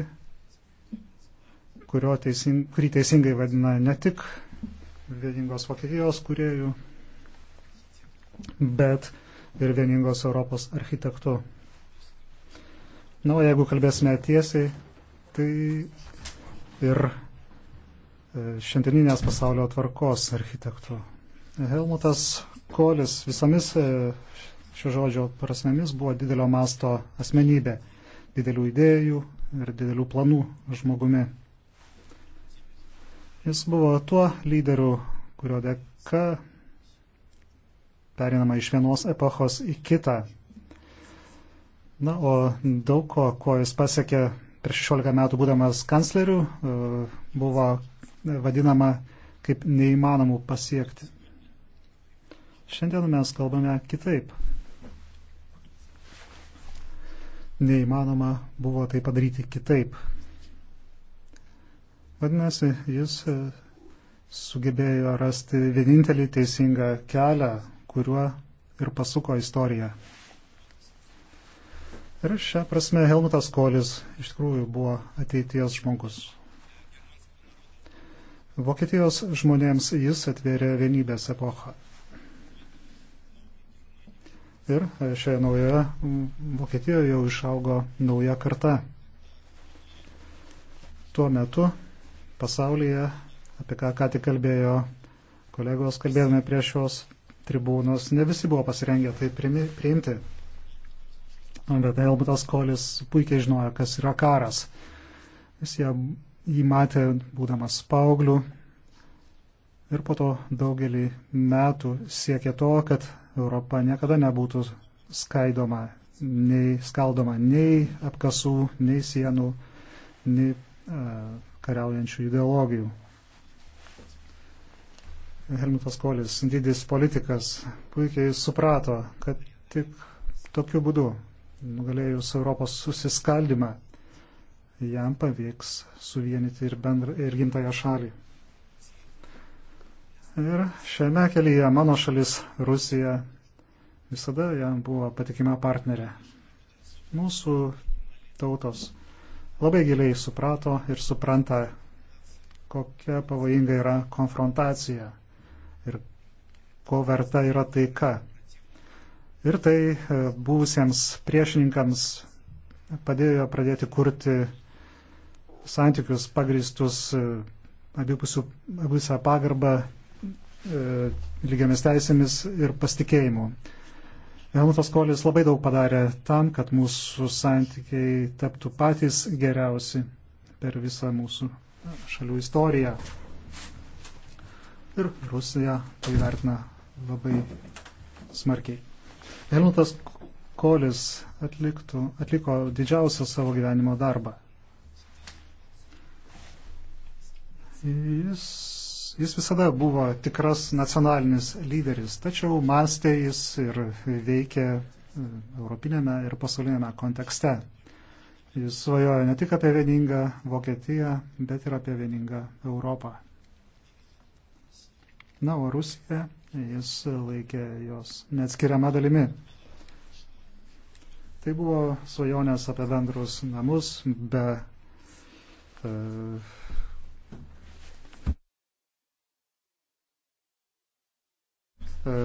teising, kurį teisingai vadina ne tik vieningos Vokietijos kuriejų, bet ir vieningos Europos architektu. Na, o jeigu kalbėsime tiesiai, tai ir e, šiandieninės pasaulio tvarkos architektų. Helmutas Kolis visomis e, šio žodžio prasmėmis buvo didelio masto asmenybė, didelių idėjų ir didelių planų žmogumi. Jis buvo tuo lyderiu, kurio dėka perinama iš vienos epochos į kitą Na, o daug ko, ko jis pasiekė prieš 16 metų būdamas kancleriu, e, buvo vadinama kaip neįmanomų pasiekti. Šiandien mes kalbame kitaip. Neįmanoma buvo tai padaryti kitaip. Vadinasi, jis e, sugebėjo rasti vienintelį teisingą kelią, kuriuo ir pasuko istoriją. Ir šią prasme Helmutas Kolis iš tikrųjų buvo ateities žmogus. Vokietijos žmonėms jis atvėrė vienybės epochą. Ir šioje naujoje Vokietijoje jau išaugo nauja karta. Tuo metu pasaulyje, apie ką ką tik kalbėjo kolegos, kalbėjome prie šios tribūnos, ne visi buvo pasirengę tai priimti bet Helmutas Kolis puikiai žinojo, kas yra karas. Jis ją, jį matė būdamas paaugliu ir po to daugelį metų siekė to, kad Europa niekada nebūtų skaidoma, nei skaldoma, nei apkasų, nei sienų, nei uh, kariaujančių ideologijų. Helmutas Kolis, didis politikas, puikiai suprato, kad tik tokiu būdu nugalėjus Europos susiskaldimą, jam pavyks suvienyti ir, bendra, ir gimtają šalį. Ir šiame kelyje mano šalis Rusija visada jam buvo patikima partnerė. Mūsų tautos labai giliai suprato ir supranta, kokia pavojinga yra konfrontacija ir ko verta yra taika. Ir tai e, būsiems priešininkams padėjo pradėti kurti santykius pagristus e, abipusių visą pagarbą e, lygiamis teisėmis ir pasitikėjimu. Helmutas Kolis labai daug padarė tam, kad mūsų santykiai taptų patys geriausi per visą mūsų šalių istoriją. Ir Rusija tai vertina labai smarkiai. Helmutas Kolis atliktų, atliko didžiausią savo gyvenimo darbą. Jis, jis visada buvo tikras nacionalinis lyderis, tačiau mąstė jis ir veikė e, europinėme ir pasaulinėme kontekste. Jis svajojo ne tik apie vieningą Vokietiją, bet ir apie vieningą Europą. Na, o Rusija jis laikė jos neatskiriama dalimi. Tai buvo svajonės apie bendrus namus be e, e,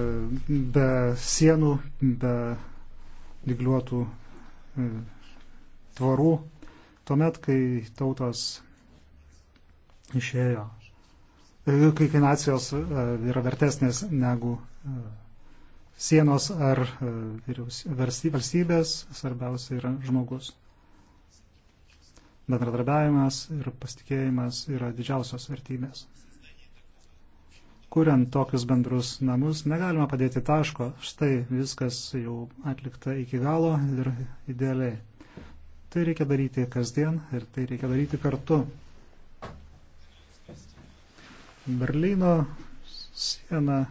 be sienų, be digliuotų e, tvorų, tuomet, kai tautos išėjo E, kai kainacijos e, yra vertesnės negu e, sienos ar valstybės, svarbiausia yra žmogus. Bendradarbiavimas ir pasitikėjimas yra didžiausios vertybės. Kuriant tokius bendrus namus, negalima padėti taško, štai viskas jau atlikta iki galo ir idealiai. Tai reikia daryti kasdien ir tai reikia daryti kartu. Berlyno siena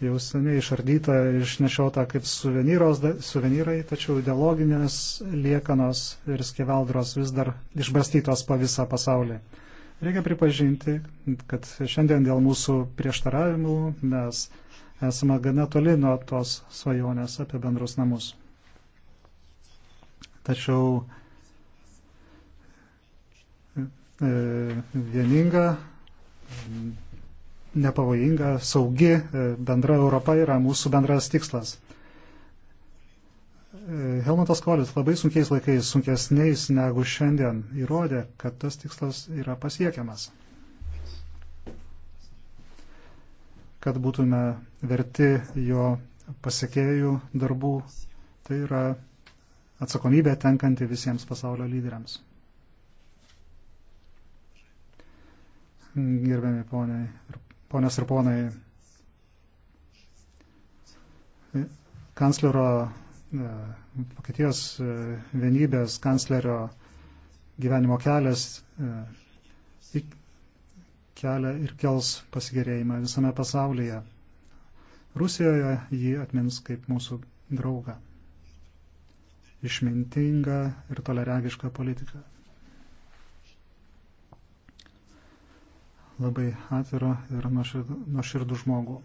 jau seniai išardyta, išnešiota kaip suvenyrai, tačiau ideologinės liekanos ir skeveldros vis dar išbarstytos po visą pasaulį. Reikia pripažinti, kad šiandien dėl mūsų prieštaravimų mes esame gana toli nuo tos svajonės apie bendrus namus. Tačiau e, e vieninga nepavojinga, saugi e, bendra Europa yra mūsų bendras tikslas. E, Helmutas Kolis labai sunkiais laikais, sunkesniais negu šiandien, įrodė, kad tas tikslas yra pasiekiamas. Kad būtume verti jo pasiekėjų darbų, tai yra atsakomybė tenkanti visiems pasaulio lyderiams. gerbiami poniai, ponios ir ponai. Kanclero, e, Vokietijos e, vienybės kanclerio gyvenimo kelias e, kelia ir kels pasigerėjimą visame pasaulyje. Rusijoje jį atmins kaip mūsų draugą. Išmintingą ir toleregišką politiką. labai atvirą ir nuoširdų žmogų.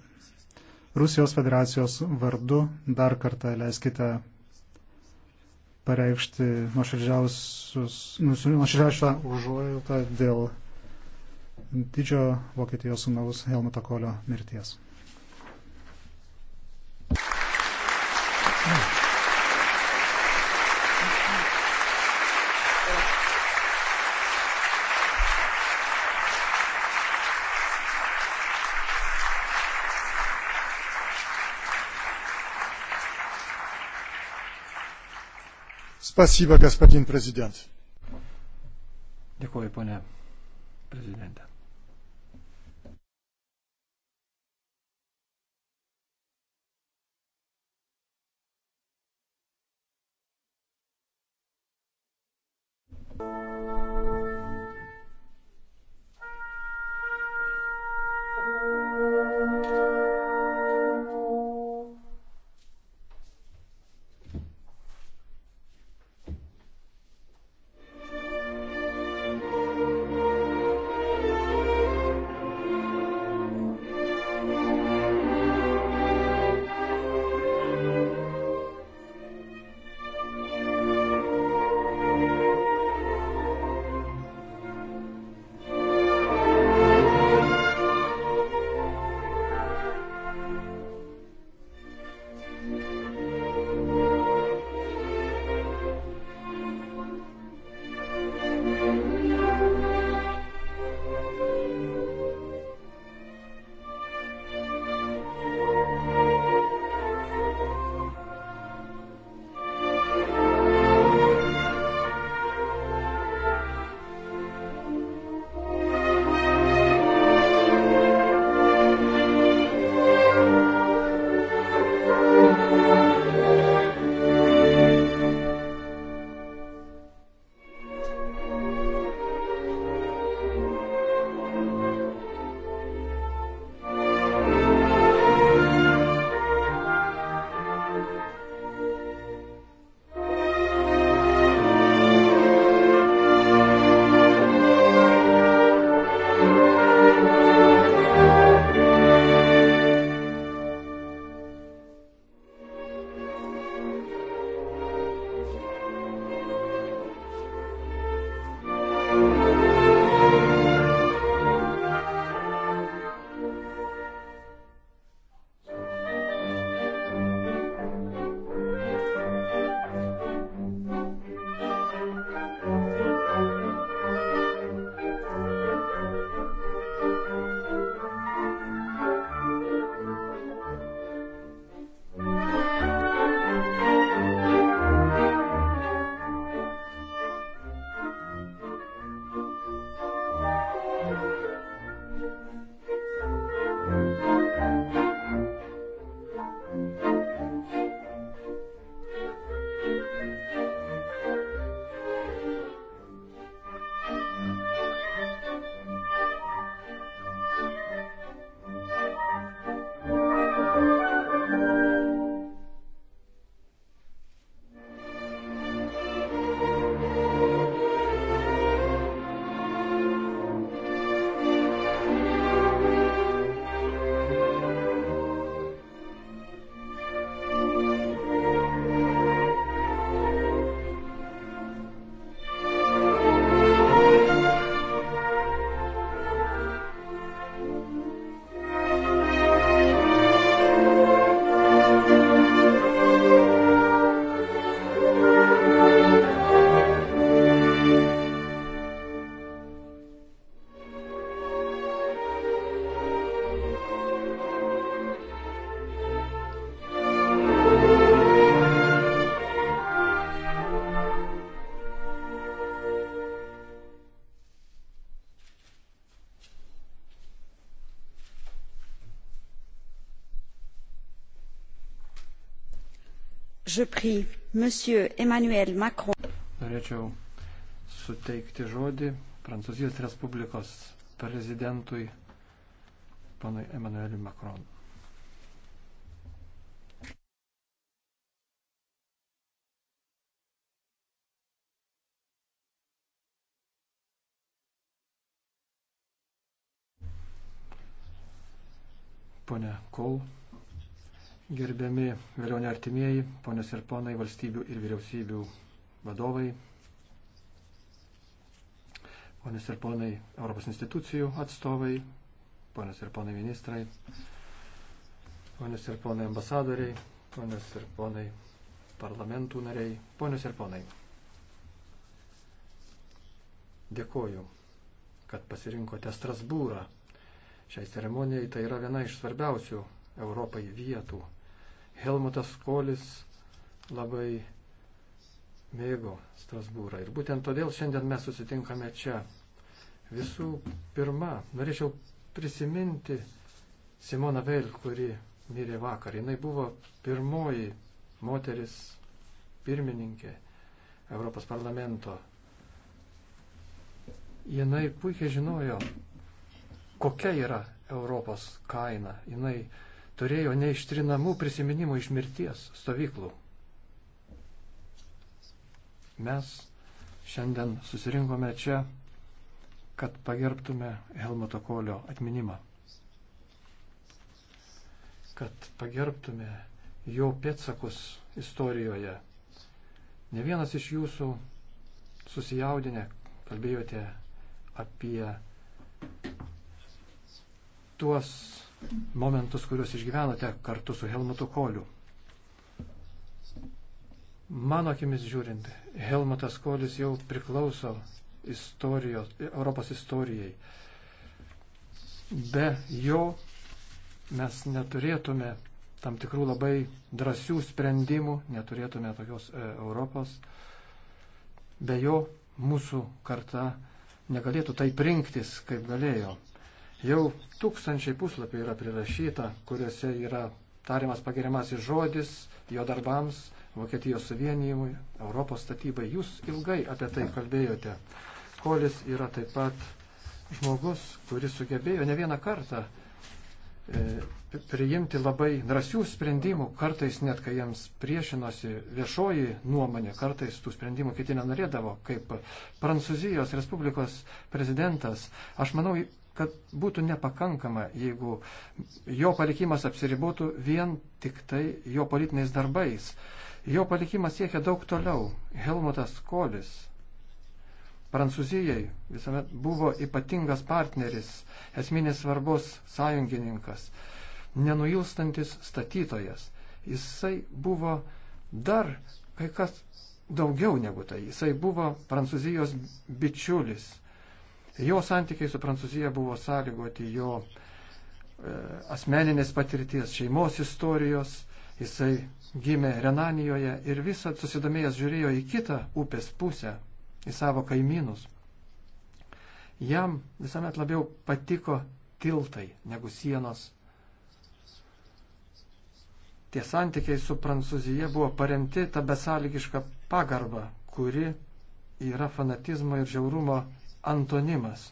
Rusijos federacijos vardu dar kartą leiskite pareikšti nuoširdžiausią užuojautą dėl didžiojo Vokietijos sunaus Helmuto Kolio mirties. Spasiba, господин президент. Dėkuoju, ponė prezidentė. Norėčiau suteikti žodį Prancūzijos Respublikos prezidentui panui Emanueliu Macron. Gerbiami vėliau neartimieji, ponios ir ponai, valstybių ir vyriausybių vadovai, ponios ir ponai Europos institucijų atstovai, ponios ir ponai ministrai, ponios ir ponai ambasadoriai, ponios ir ponai parlamentų nariai, ponios ir ponai. Dėkoju, kad pasirinkote Strasbūrą. Šiai ceremonijai tai yra viena iš svarbiausių Europai vietų Helmutas Kolis labai mėgo Strasbūrą. Ir būtent todėl šiandien mes susitinkame čia. Visų pirma, norėčiau prisiminti Simona Veil, kuri mirė vakar. Jis buvo pirmoji moteris pirmininkė Europos parlamento. Jis puikiai žinojo, kokia yra Europos kaina. Jis turėjo neištrinamų prisiminimų iš mirties stovyklų. Mes šiandien susirinkome čia, kad pagerbtume Helmuto Kolio atminimą, kad pagerbtume jo pėtsakus istorijoje. Ne vienas iš jūsų susijaudinę kalbėjote apie tuos momentus, kuriuos išgyvenote kartu su Helmutu Koliu. Mano akimis žiūrint, Helmutas Kolis jau priklauso istorijos, Europos istorijai. Be jo mes neturėtume tam tikrų labai drąsių sprendimų, neturėtume tokios e, Europos. Be jo mūsų karta negalėtų taip rinktis, kaip galėjo. Jau tūkstančiai puslapių yra prirašyta, kuriuose yra tariamas pagiriamasis žodis jo darbams, Vokietijos suvienijimui, Europos statybai. Jūs ilgai apie tai kalbėjote. Kolis yra taip pat žmogus, kuris sugebėjo ne vieną kartą e, priimti labai drąsių sprendimų, kartais net kai jiems priešinosi viešoji nuomonė, kartais tų sprendimų kiti nenorėdavo, kaip Prancūzijos Respublikos prezidentas. Aš manau, kad būtų nepakankama, jeigu jo palikimas apsiribotų vien tik tai jo politiniais darbais. Jo palikimas siekia daug toliau. Helmutas Kolis Prancūzijai visuomet buvo ypatingas partneris, esminės svarbos sąjungininkas, nenuilstantis statytojas. Jisai buvo dar kai kas daugiau negu tai. Jisai buvo Prancūzijos bičiulis Jo santykiai su Prancūzija buvo sąlygoti jo e, asmeninės patirties, šeimos istorijos. Jisai gimė Renanijoje ir visat susidomėjęs žiūrėjo į kitą upės pusę, į savo kaimynus. Jam visuomet labiau patiko tiltai negu sienos. Tie santykiai su Prancūzija buvo paremti tą besąlygišką pagarbą, kuri yra fanatizmo ir žiaurumo antonimas,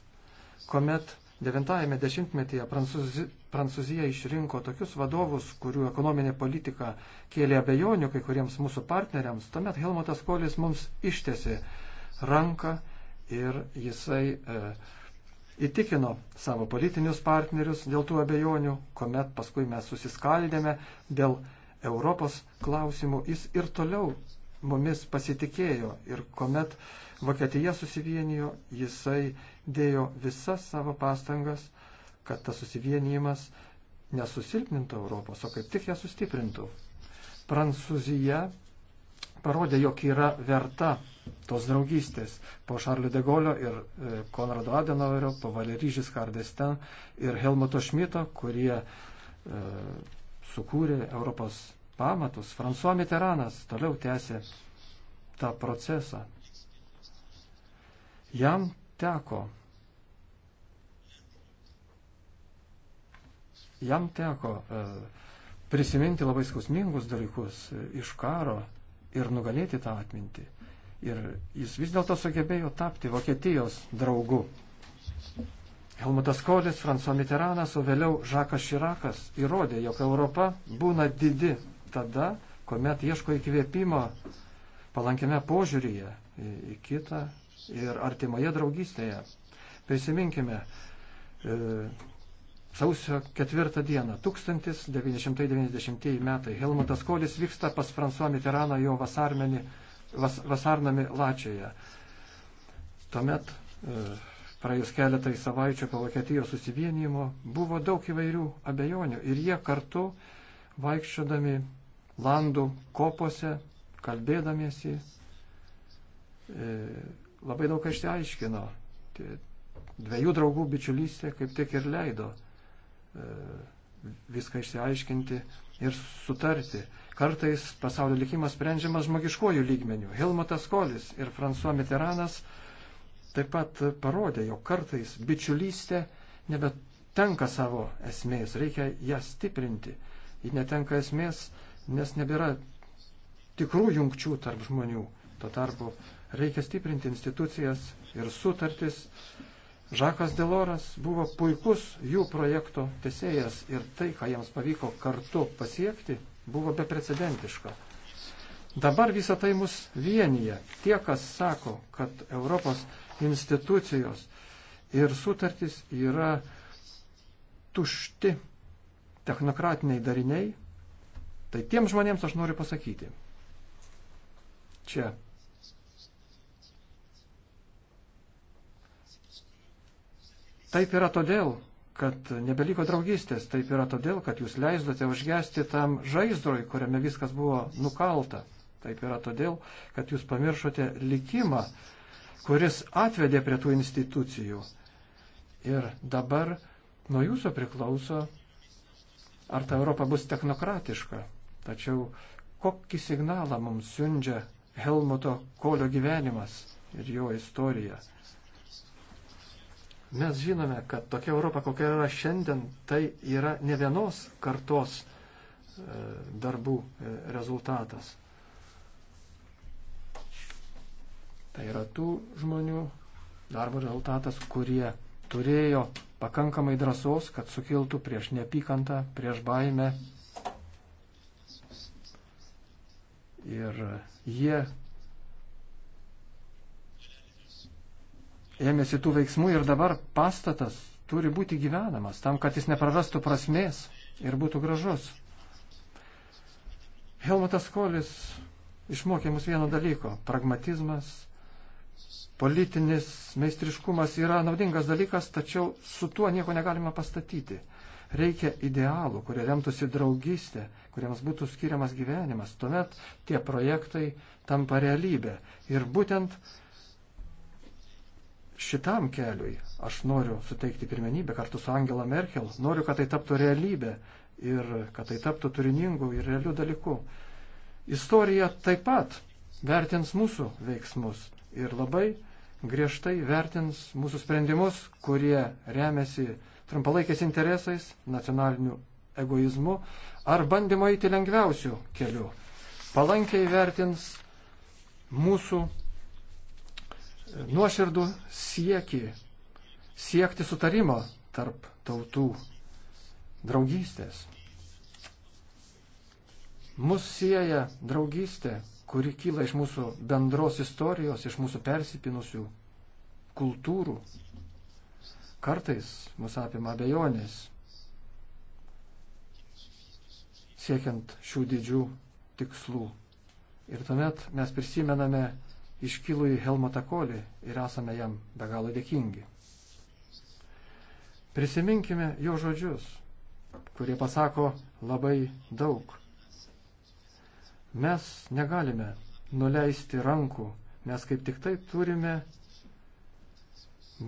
kuomet 90-ame dešimtmetyje Prancūzi, Prancūzija išrinko tokius vadovus, kurių ekonominė politika kėlė abejonių kai kuriems mūsų partneriams, tuomet Helmutas Kolis mums ištėsi ranką ir jisai e, įtikino savo politinius partnerius dėl tų abejonių, kuomet paskui mes susiskaldėme dėl Europos klausimų, jis ir toliau mumis pasitikėjo ir kuomet Vokietija susivienijo, jisai dėjo visas savo pastangas, kad tas susivienijimas nesusilpnintų Europos, o kaip tik ją sustiprintų. Prancūzija parodė, jog yra verta tos draugystės po Šarliu de Golio ir e, Konrado Adenauerio, po Valeryžis Kardesten ir Helmuto Šmito, kurie e, sukūrė Europos pamatus. François Mitteranas toliau tęsė tą procesą. Jam teko. Jam teko e, prisiminti labai skausmingus dalykus e, iš karo ir nugalėti tą atmintį. Ir jis vis dėlto sugebėjo tapti Vokietijos draugu. Helmutas Kolis, François Mitteranas, o vėliau Žakas Širakas įrodė, jog Europa būna didi tada, kuomet ieško įkvėpimo palankiame požiūryje į kitą ir artimoje draugystėje. Prisiminkime, e, sausio ketvirtą dieną, 1990 metai, Helmutas Kolis vyksta pas Fransuo Mitterraną jo vasarmenį, vas, vasarnami Lačioje. Tuomet e, Praėjus keletai savaičių po Vokietijos susivienijimo buvo daug įvairių abejonių ir jie kartu vaikščiodami landų kopose, kalbėdamiesi, e, labai daug išsiaiškino. Dviejų draugų bičiulystė kaip tik ir leido e, viską išsiaiškinti ir sutarti. Kartais pasaulio likimas sprendžiamas žmogiškojų lygmenių. Helmutas Kolis ir François Mitteranas taip pat parodė, jog kartais bičiulystė nebetenka savo esmės, reikia ją stiprinti. Ji netenka esmės nes nebėra tikrų jungčių tarp žmonių. Tuo tarpu reikia stiprinti institucijas ir sutartis. Žakas Deloras buvo puikus jų projekto tesėjas ir tai, ką jiems pavyko kartu pasiekti, buvo beprecedentiška. Dabar visa tai mus vienyje. Tie, kas sako, kad Europos institucijos ir sutartys yra tušti technokratiniai dariniai, Tai tiem žmonėms aš noriu pasakyti. Čia. Taip yra todėl, kad nebeliko draugystės, taip yra todėl, kad jūs leisdote užgesti tam žaizdroj, kuriame viskas buvo nukalta. Taip yra todėl, kad jūs pamiršote likimą, kuris atvedė prie tų institucijų. Ir dabar nuo jūsų priklauso, ar ta Europa bus technokratiška, Tačiau kokį signalą mums siunčia Helmuto Kolio gyvenimas ir jo istorija? Mes žinome, kad tokia Europa, kokia yra šiandien, tai yra ne vienos kartos e, darbų e, rezultatas. Tai yra tų žmonių darbo rezultatas, kurie turėjo pakankamai drąsos, kad sukiltų prieš neapykantą, prieš baimę, Ir jie ėmėsi tų veiksmų ir dabar pastatas turi būti gyvenamas tam, kad jis neprarastų prasmės ir būtų gražus. Helmutas Kolis išmokė mus vieno dalyko - pragmatizmas, politinis meistriškumas yra naudingas dalykas, tačiau su tuo nieko negalima pastatyti. Reikia idealų, kurie remtųsi draugystė, kuriems būtų skiriamas gyvenimas. Tuomet tie projektai tampa realybė. Ir būtent šitam keliui aš noriu suteikti pirmenybę kartu su Angela Merkel. Noriu, kad tai taptų realybė ir kad tai taptų turiningų ir realių dalykų. Istorija taip pat vertins mūsų veiksmus ir labai griežtai vertins mūsų sprendimus, kurie remiasi trumpalaikiais interesais, nacionaliniu egoizmu ar bandymo eiti lengviausių kelių. Palankiai vertins mūsų e, nuoširdų sieki, siekti sutarimo tarp tautų draugystės. Mus sieja draugystė, kuri kyla iš mūsų bendros istorijos, iš mūsų persipinusių kultūrų. Kartais mus apima abejonės. Siekiant šių didžių tikslų. Ir tuomet mes prisimename iškilų į Helmutą Kolį ir esame jam be galo dėkingi. Prisiminkime jo žodžius, kurie pasako labai daug. Mes negalime nuleisti rankų, mes kaip tik tai turime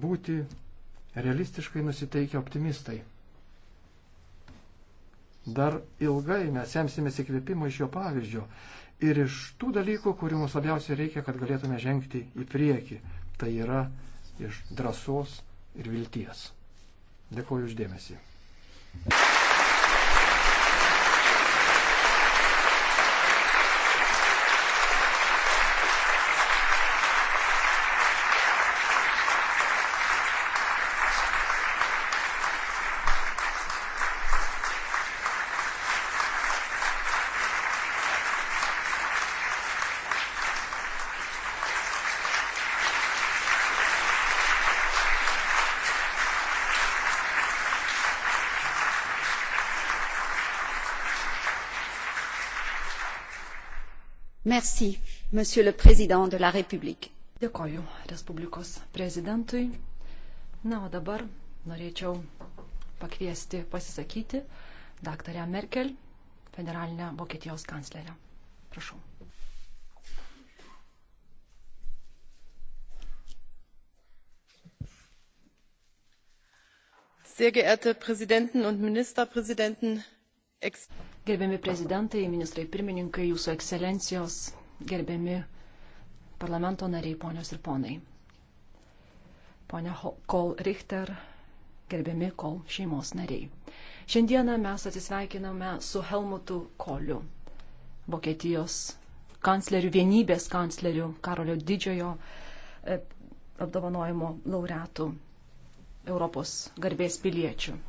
būti realistiškai nusiteikę optimistai. Dar ilgai mes semsimės įkvėpimo iš jo pavyzdžio ir iš tų dalykų, kurių mums labiausiai reikia, kad galėtume žengti į priekį. Tai yra iš drąsos ir vilties. Dėkuoju uždėmesi. Thank you. Merci, monsieur le président de la République. Dėkoju Respublikos prezidentui. Na, o dabar norėčiau pakviesti pasisakyti daktarę Merkel, federalinę Vokietijos kanclerę. Prašau. Sehr geehrte Präsidenten und Ministerpräsidenten, Gerbiami prezidentai, ministrai pirmininkai, jūsų ekscelencijos, gerbiami parlamento nariai, ponios ir ponai. Pone Kol Richter, gerbiami Kol šeimos nariai. Šiandieną mes atsisveikiname su Helmutu Koliu, Vokietijos kanclerių, vienybės kanclerių Karolio didžiojo e, apdovanojimo laureatų Europos garbės piliečių.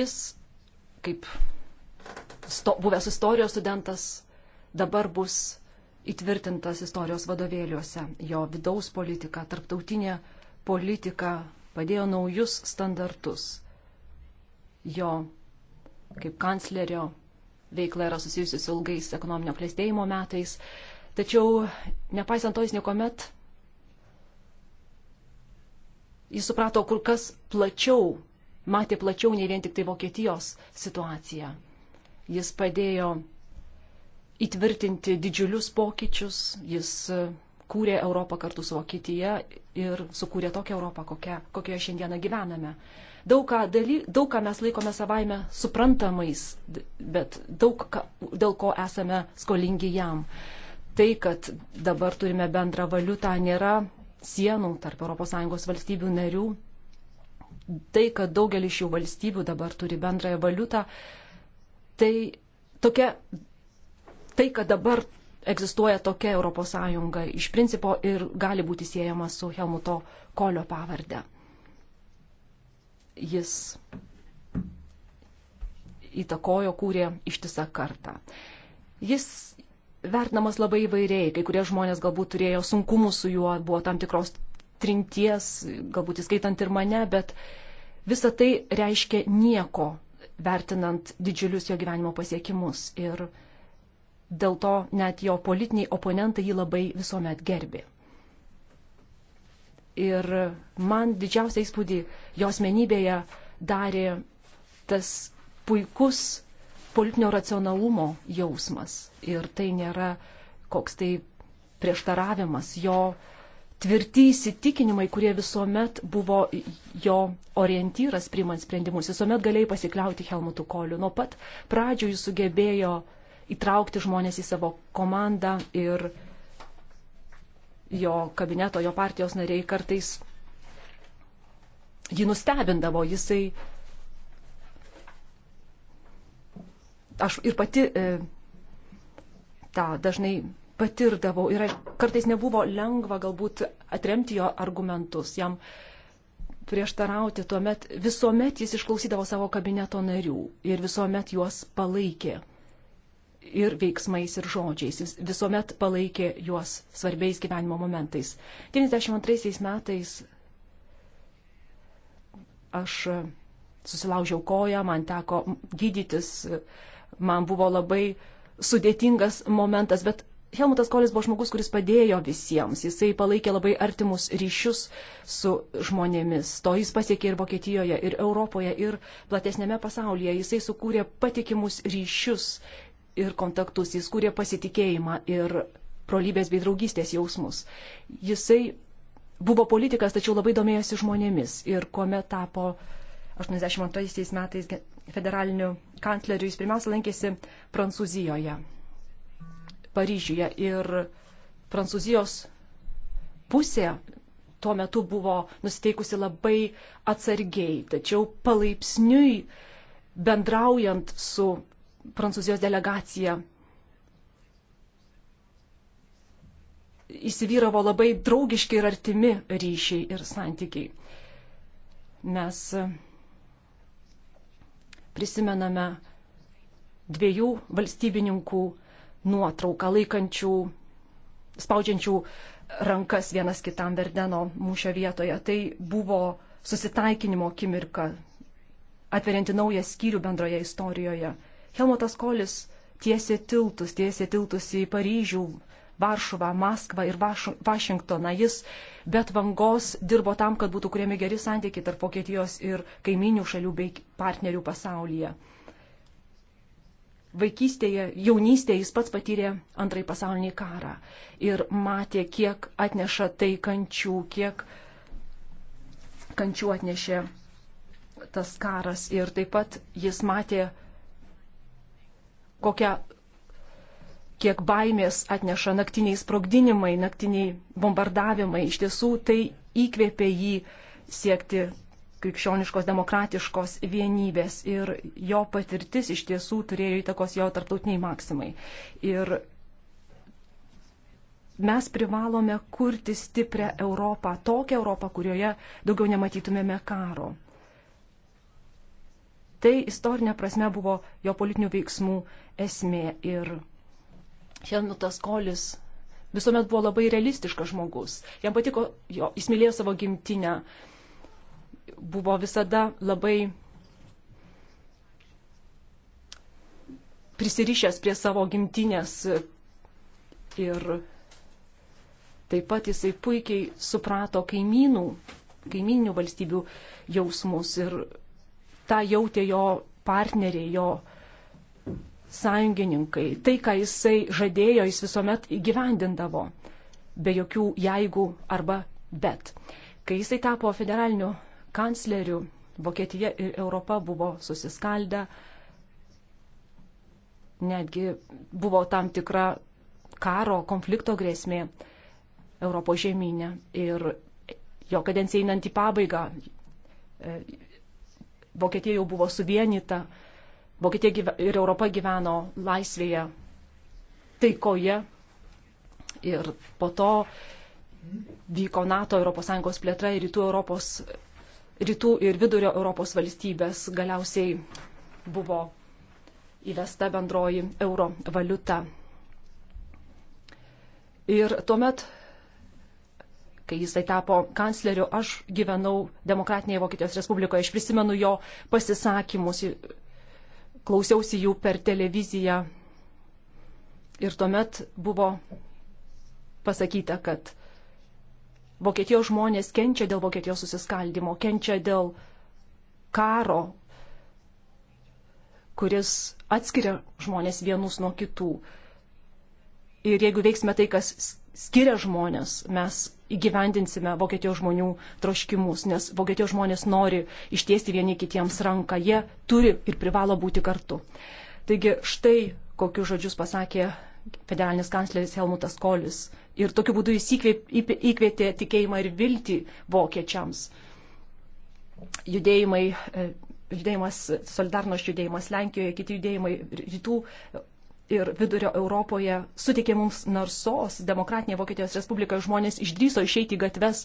Jis kaip sto, buvęs istorijos studentas, dabar bus įtvirtintas istorijos vadovėliuose. Jo vidaus politika, tarptautinė politika padėjo naujus standartus. Jo kaip kanclerio veikla yra susijusi su ilgais ekonominio klėstėjimo metais. Tačiau, nepaisant to, jis niekuomet jis suprato kur kas plačiau matė plačiau nei vien tik tai Vokietijos situaciją. Jis padėjo įtvirtinti didžiulius pokyčius, jis e, kūrė Europą kartu su Vokietija ir sukūrė tokią Europą, kokią, kokioje šiandieną gyvename. Daug ką, daly, daug ką mes laikome savaime suprantamais, bet daug ką, dėl ko esame skolingi jam. Tai, kad dabar turime bendrą valiutą, nėra sienų tarp ES valstybių narių, tai, kad daugelis šių valstybių dabar turi bendrąją valiutą, tai tokia, tai, kad dabar egzistuoja tokia ES iš principo ir gali būti siejama su Helmuto Kolio pavardė. Jis įtakojo, kūrė ištisą kartą. Jis vertinamas labai įvairiai, kai kurie žmonės galbūt turėjo sunkumų su juo, buvo tam tikros trinties, galbūt įskaitant ir mane, bet visa tai reiškia nieko, vertinant didžiulius jo gyvenimo pasiekimus. Ir dėl to net jo politiniai oponentai jį labai visuomet gerbė. Ir man didžiausią įspūdį jo asmenybėje darė tas puikus politinio racionalumo jausmas. Ir tai nėra koks tai prieštaravimas jo tvirti įsitikinimai, kurie visuomet buvo jo orientyras priimant sprendimus. Visuomet galėjai pasikliauti Helmutu Koliu. Nuo pat pradžių jis sugebėjo įtraukti žmonės į savo komandą ir jo kabineto, jo partijos nariai kartais jį nustebindavo. Jisai. Aš ir pati e, tą dažnai patirdavau ir kartais nebuvo lengva galbūt atremti jo argumentus, jam prieštarauti, tuomet visuomet jis išklausydavo savo kabineto narių ir visuomet juos palaikė. Ir veiksmais, ir žodžiais. Jis visuomet palaikė juos svarbiais gyvenimo momentais. 92 metais aš e, susilaužiau koją, man teko gydytis, e, man buvo labai sudėtingas momentas, bet Helmutas Kolis buvo žmogus, kuris padėjo visiems. Jisai palaikė labai artimus ryšius su žmonėmis. To jis pasiekė ir Vokietijoje, ir Europoje, ir platesnėme pasaulyje. Jisai sukūrė patikimus ryšius ir kontaktus. Jis kūrė pasitikėjimą ir prolybės bei draugystės jausmus. Jisai buvo politikas, tačiau labai domėjosi žmonėmis. Ir kuomet tapo 82 metais federaliniu kancleriu, jis pirmiausia lankėsi Prancūzijoje Paryžiuje ir Prancūzijos pusė tuo metu buvo nusiteikusi labai atsargiai, tačiau palaipsniui bendraujant su Prancūzijos delegacija įsivyravo labai draugiški ir artimi ryšiai ir santykiai. Mes prisimename dviejų valstybininkų nuotrauką laikančių, spaudžiančių rankas vienas kitam Verdeno mūšio vietoje. Tai buvo susitaikinimo akimirka, atverianti naują skyrių bendroje istorijoje. Helmutas Kolis tiesė tiltus, tiesė tiltus į Paryžių, Varšuvą, Maskvą ir Vašingtoną. Jis bet vangos dirbo tam, kad būtų kuriami geri santykiai tarp Vokietijos ir kaiminių šalių bei partnerių pasaulyje vaikystėje, jaunystėje jis pats patyrė antrąjį pasaulinį karą ir matė, kiek atneša tai kančių, kiek kančių atnešė tas karas ir taip pat jis matė, kokią, kiek baimės atneša naktiniai sprogdinimai, naktiniai bombardavimai. Iš tiesų tai įkvėpė jį siekti krikščioniškos demokratiškos vienybės ir jo patirtis iš tiesų turėjo įtakos jo tarptautiniai maksimai. Ir mes privalome kurti stiprią Europą, tokią Europą, kurioje daugiau nematytumėme karo. Tai istorinė prasme buvo jo politinių veiksmų esmė ir Helmutas Kolis visuomet buvo labai realistiškas žmogus. Jam patiko, jo, jis mylėjo savo gimtinę, uh, buvo visada labai prisirišęs prie savo gimtinės ir taip pat jisai puikiai suprato kaimynų, kaiminių valstybių jausmus ir tą jautė jo partneriai, jo sąjungininkai. Tai, ką jisai žadėjo, jis visuomet įgyvendindavo, be jokių jeigu arba bet. Kai jisai tapo federaliniu kanclerių Vokietija ir Europa buvo susiskaldę, netgi buvo tam tikra karo, konflikto grėsmė Europos žemynė. Ir jo kadencija einant į pabaigą, e, Vokietija jau buvo suvienyta, Vokietija ir Europa gyveno laisvėje, taikoje. Ir po to vyko NATO ES plėtra ir rytų Europos rytų ir vidurio Europos valstybės galiausiai buvo įvesta bendroji euro valiuta. Ir tuomet, kai jisai tapo kancleriu, aš gyvenau Demokratinėje Vokietijos Respublikoje. Aš prisimenu jo pasisakymus, klausiausi jų per televiziją. Ir tuomet buvo pasakyta, kad Vokietijos žmonės kenčia dėl Vokietijos susiskaldimo, kenčia dėl karo, kuris atskiria žmonės vienus nuo kitų. Ir jeigu veiksime tai, kas skiria žmonės, mes įgyvendinsime Vokietijos žmonių troškimus, nes Vokietijos žmonės nori ištiesti vieni kitiems ranką, jie turi ir privalo būti kartu. Taigi štai kokius žodžius pasakė federalinis kancleris Helmutas Kolis ir tokiu būdu jis įkvietė tikėjimą ir viltį vokiečiams. Judėjimai, e, judėjimas, Solidarnos judėjimas Lenkijoje, kiti judėjimai rytų ir vidurio Europoje suteikė mums narsos, demokratinė Vokietijos Respublika, žmonės išdryso išeiti į gatves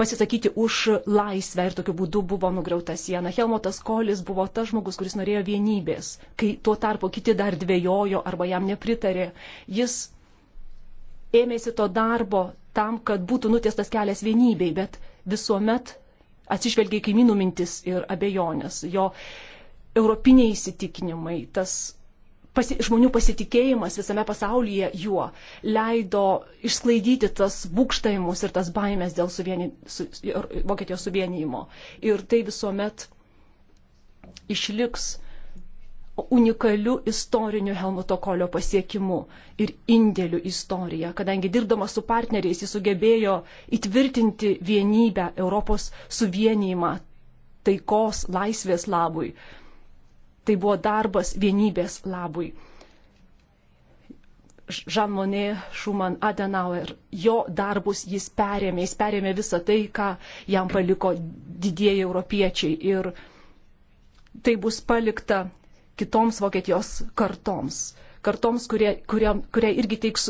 pasisakyti už laisvę ir tokiu būdu buvo nugriauta siena. Helmutas Kolis buvo tas žmogus, kuris norėjo vienybės, kai tuo tarpu kiti dar dvėjojo arba jam nepritarė. Jis ėmėsi to darbo tam, kad būtų nutiestas kelias vienybei, bet visuomet atsižvelgia į kaimynų mintis ir abejonės, jo europiniai įsitikinimai, tas pasi, žmonių pasitikėjimas visame pasaulyje juo leido išsklaidyti tas būkštajimus ir tas baimės dėl suvieni, su, Vokietijos suvienijimo. Ir tai visuomet išliks unikaliu istoriniu Helmuto Kolio pasiekimu ir indėliu istoriją, kadangi dirbdamas su partneriais jis sugebėjo įtvirtinti vienybę Europos suvienijimą taikos laisvės labui. Tai buvo darbas vienybės labui. Jean Monnet, Schumann, Adenauer, jo darbus jis perėmė, jis perėmė visą tai, ką jam paliko didieji europiečiai. Ir tai bus palikta kitoms Vokietijos kartoms. Kartoms, kurie, kurie, kurie irgi teiks,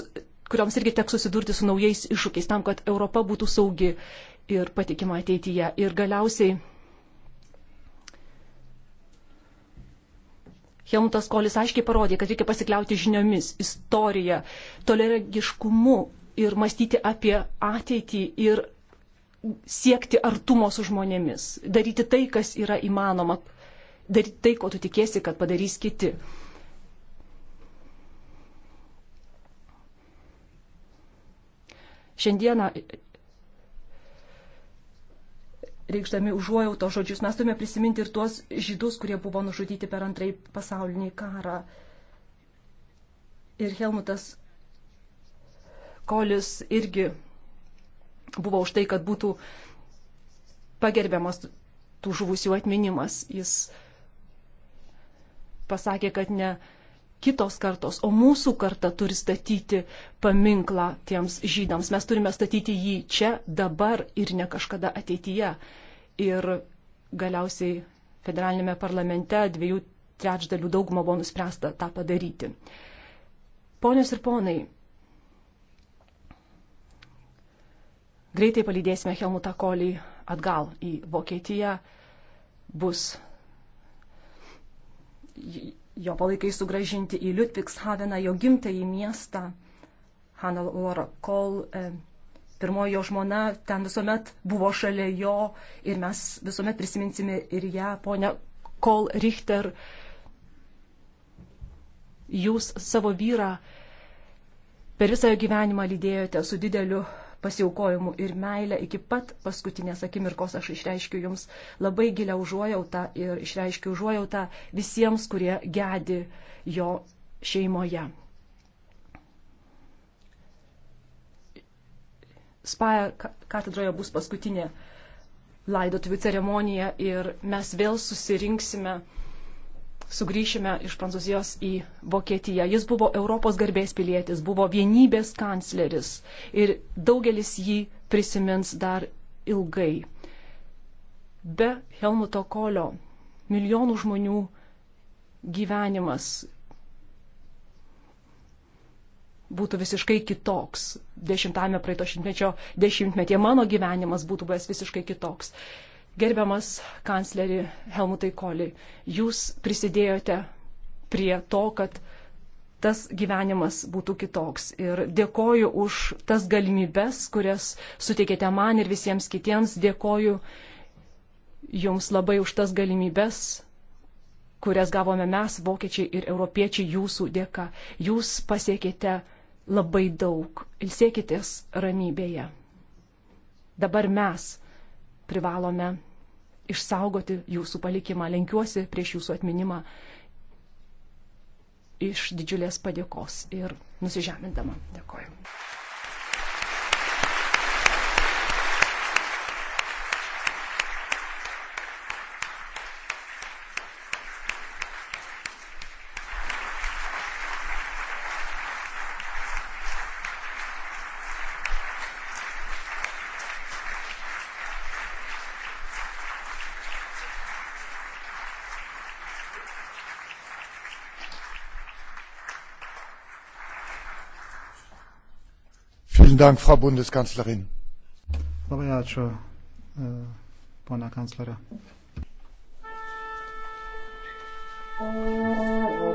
kurioms irgi teks susidurti su naujais iššūkiais tam, kad Europa būtų saugi ir patikima ateityje. Ir galiausiai Helmutas Kolis aiškiai parodė, kad reikia pasikliauti žiniomis, istorija, toleragiškumu ir mąstyti apie ateitį ir siekti artumo su žmonėmis, daryti tai, kas yra įmanoma, daryti tai, ko tu tikėsi, kad padarys kiti. Šiandieną reikšdami užuojauto žodžius, mes turime prisiminti ir tuos žydus, kurie buvo nužudyti per antrąjį pasaulinį karą. Ir Helmutas Kolis irgi buvo už tai, kad būtų pagerbiamas tų žuvusių atminimas. Jis pasakė, kad ne kitos kartos, o mūsų karta turi statyti paminklą tiems žydams. Mes turime statyti jį čia, dabar ir ne kažkada ateityje. Ir galiausiai federalinėme parlamente dviejų trečdalių daugumo buvo nuspręsta tą padaryti. Ponios ir ponai, greitai palydėsime Helmutą Kolį atgal į Vokietiją. Bus jo palaikai sugražinti į Liutvikshaveną, jo gimtąjį miestą, Hanalor, kol e, pirmoji jo žmona ten visuomet buvo šalia jo ir mes visuomet prisiminsime ir ją, ponia Kol Richter, jūs savo vyrą per visą jo gyvenimą lydėjote su dideliu pasiaukojimu ir meilę iki pat paskutinės akimirkos. Aš išreiškiu Jums labai gilę užuojautą ir išreiškiu užuojautą visiems, kurie gedi jo šeimoje. Spaja katedroje bus paskutinė laidotuvių ceremonija ir mes vėl susirinksime sugrįšime iš Prancūzijos į Vokietiją. Jis buvo Europos garbės pilietis, buvo vienybės kancleris ir daugelis jį prisimins dar ilgai. Be Helmuto Kolio milijonų žmonių gyvenimas būtų visiškai kitoks. Dešimtame praeito šimtmečio dešimtmetyje mano gyvenimas būtų buvęs visiškai kitoks. Gerbiamas kancleri Helmutai Koli, jūs prisidėjote prie to, kad tas gyvenimas būtų kitoks. Ir dėkoju už tas galimybes, kurias suteikėte man ir visiems kitiems. Dėkoju jums labai už tas galimybes, kurias gavome mes, vokiečiai ir europiečiai, jūsų dėka. Jūs pasiekėte labai daug. Ilsėkitės ramybėje. Dabar mes privalome išsaugoti jūsų palikimą. Lenkiuosi prieš jūsų atminimą iš didžiulės padėkos ir nusižemindama. Dėkoju. Dank, Frau Bundeskanzlerin. Labai ačiū, e, ponia kanclerė. Thank you.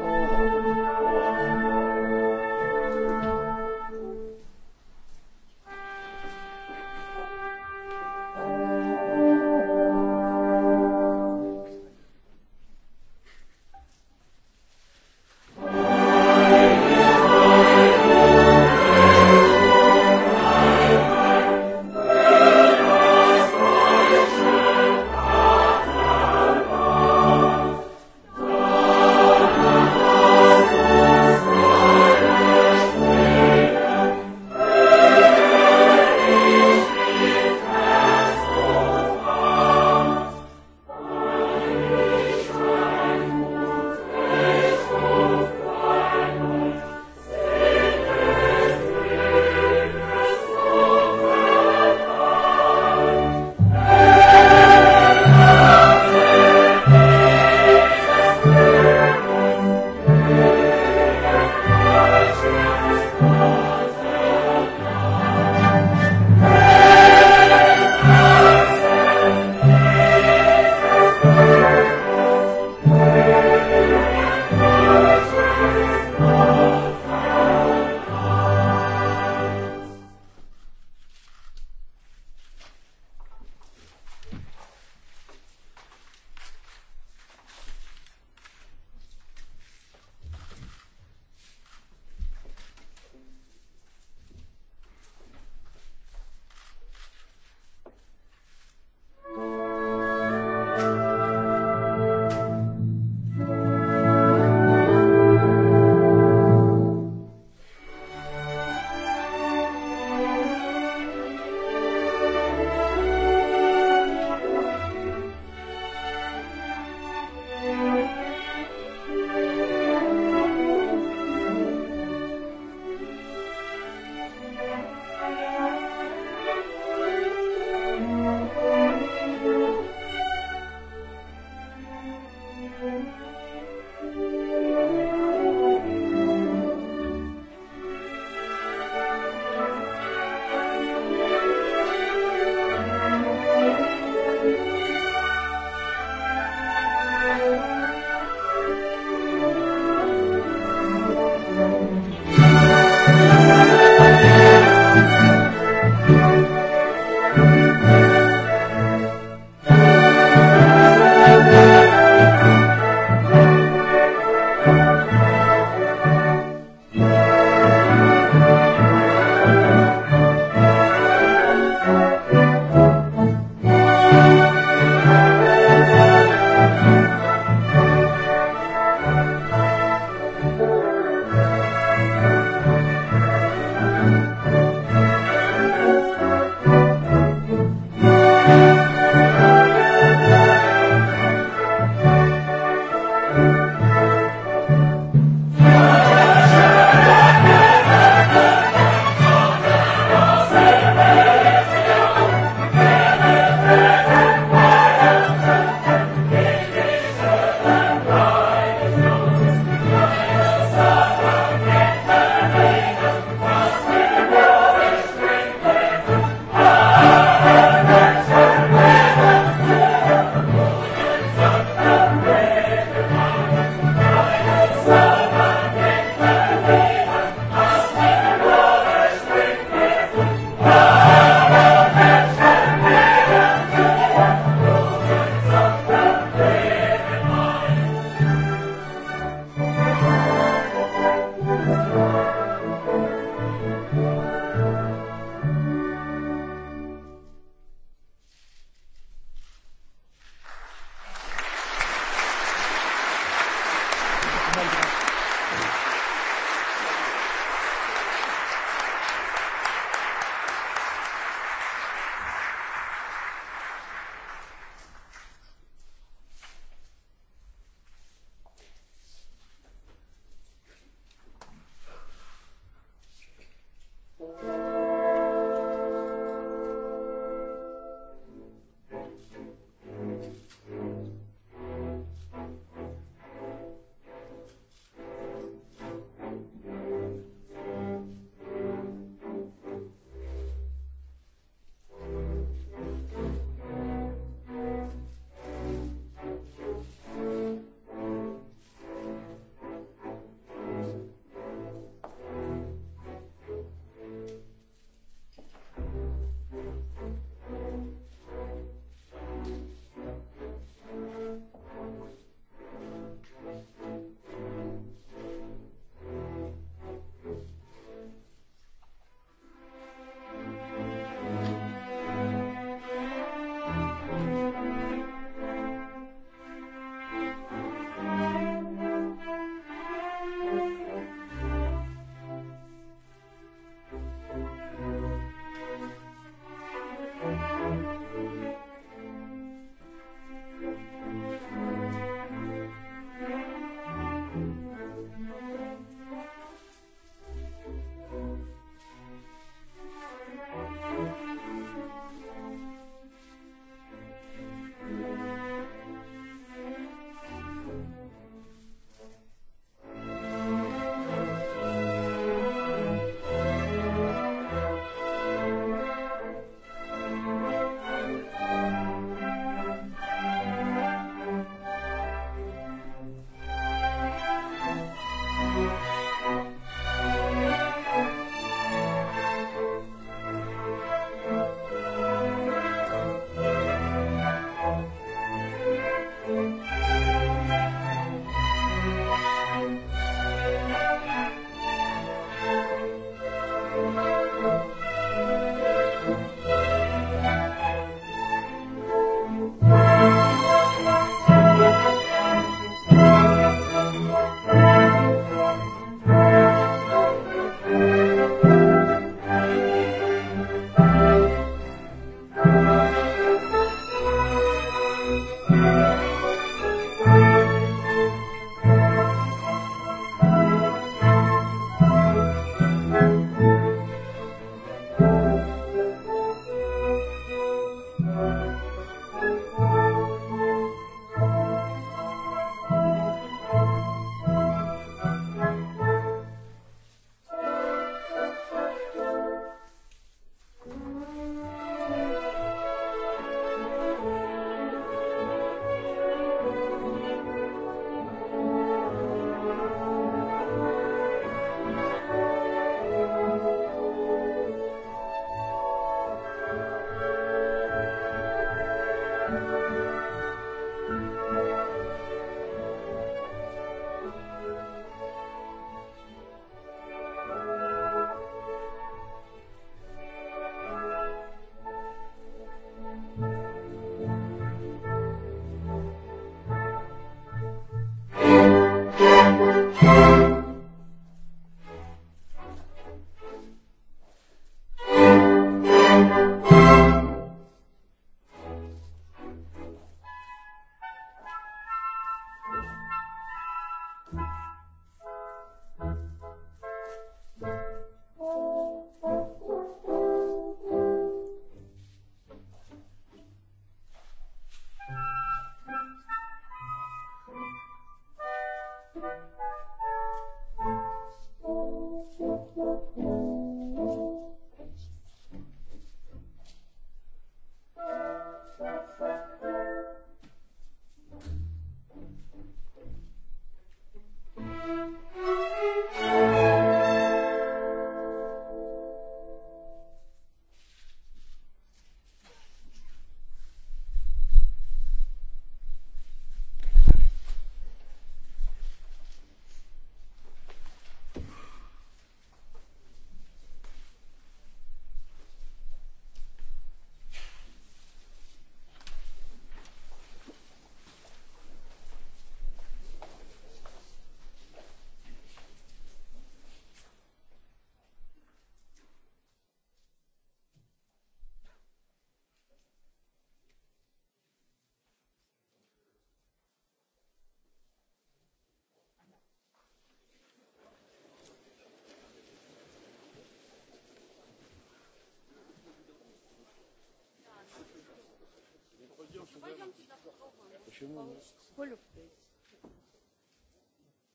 Well, it's full of this.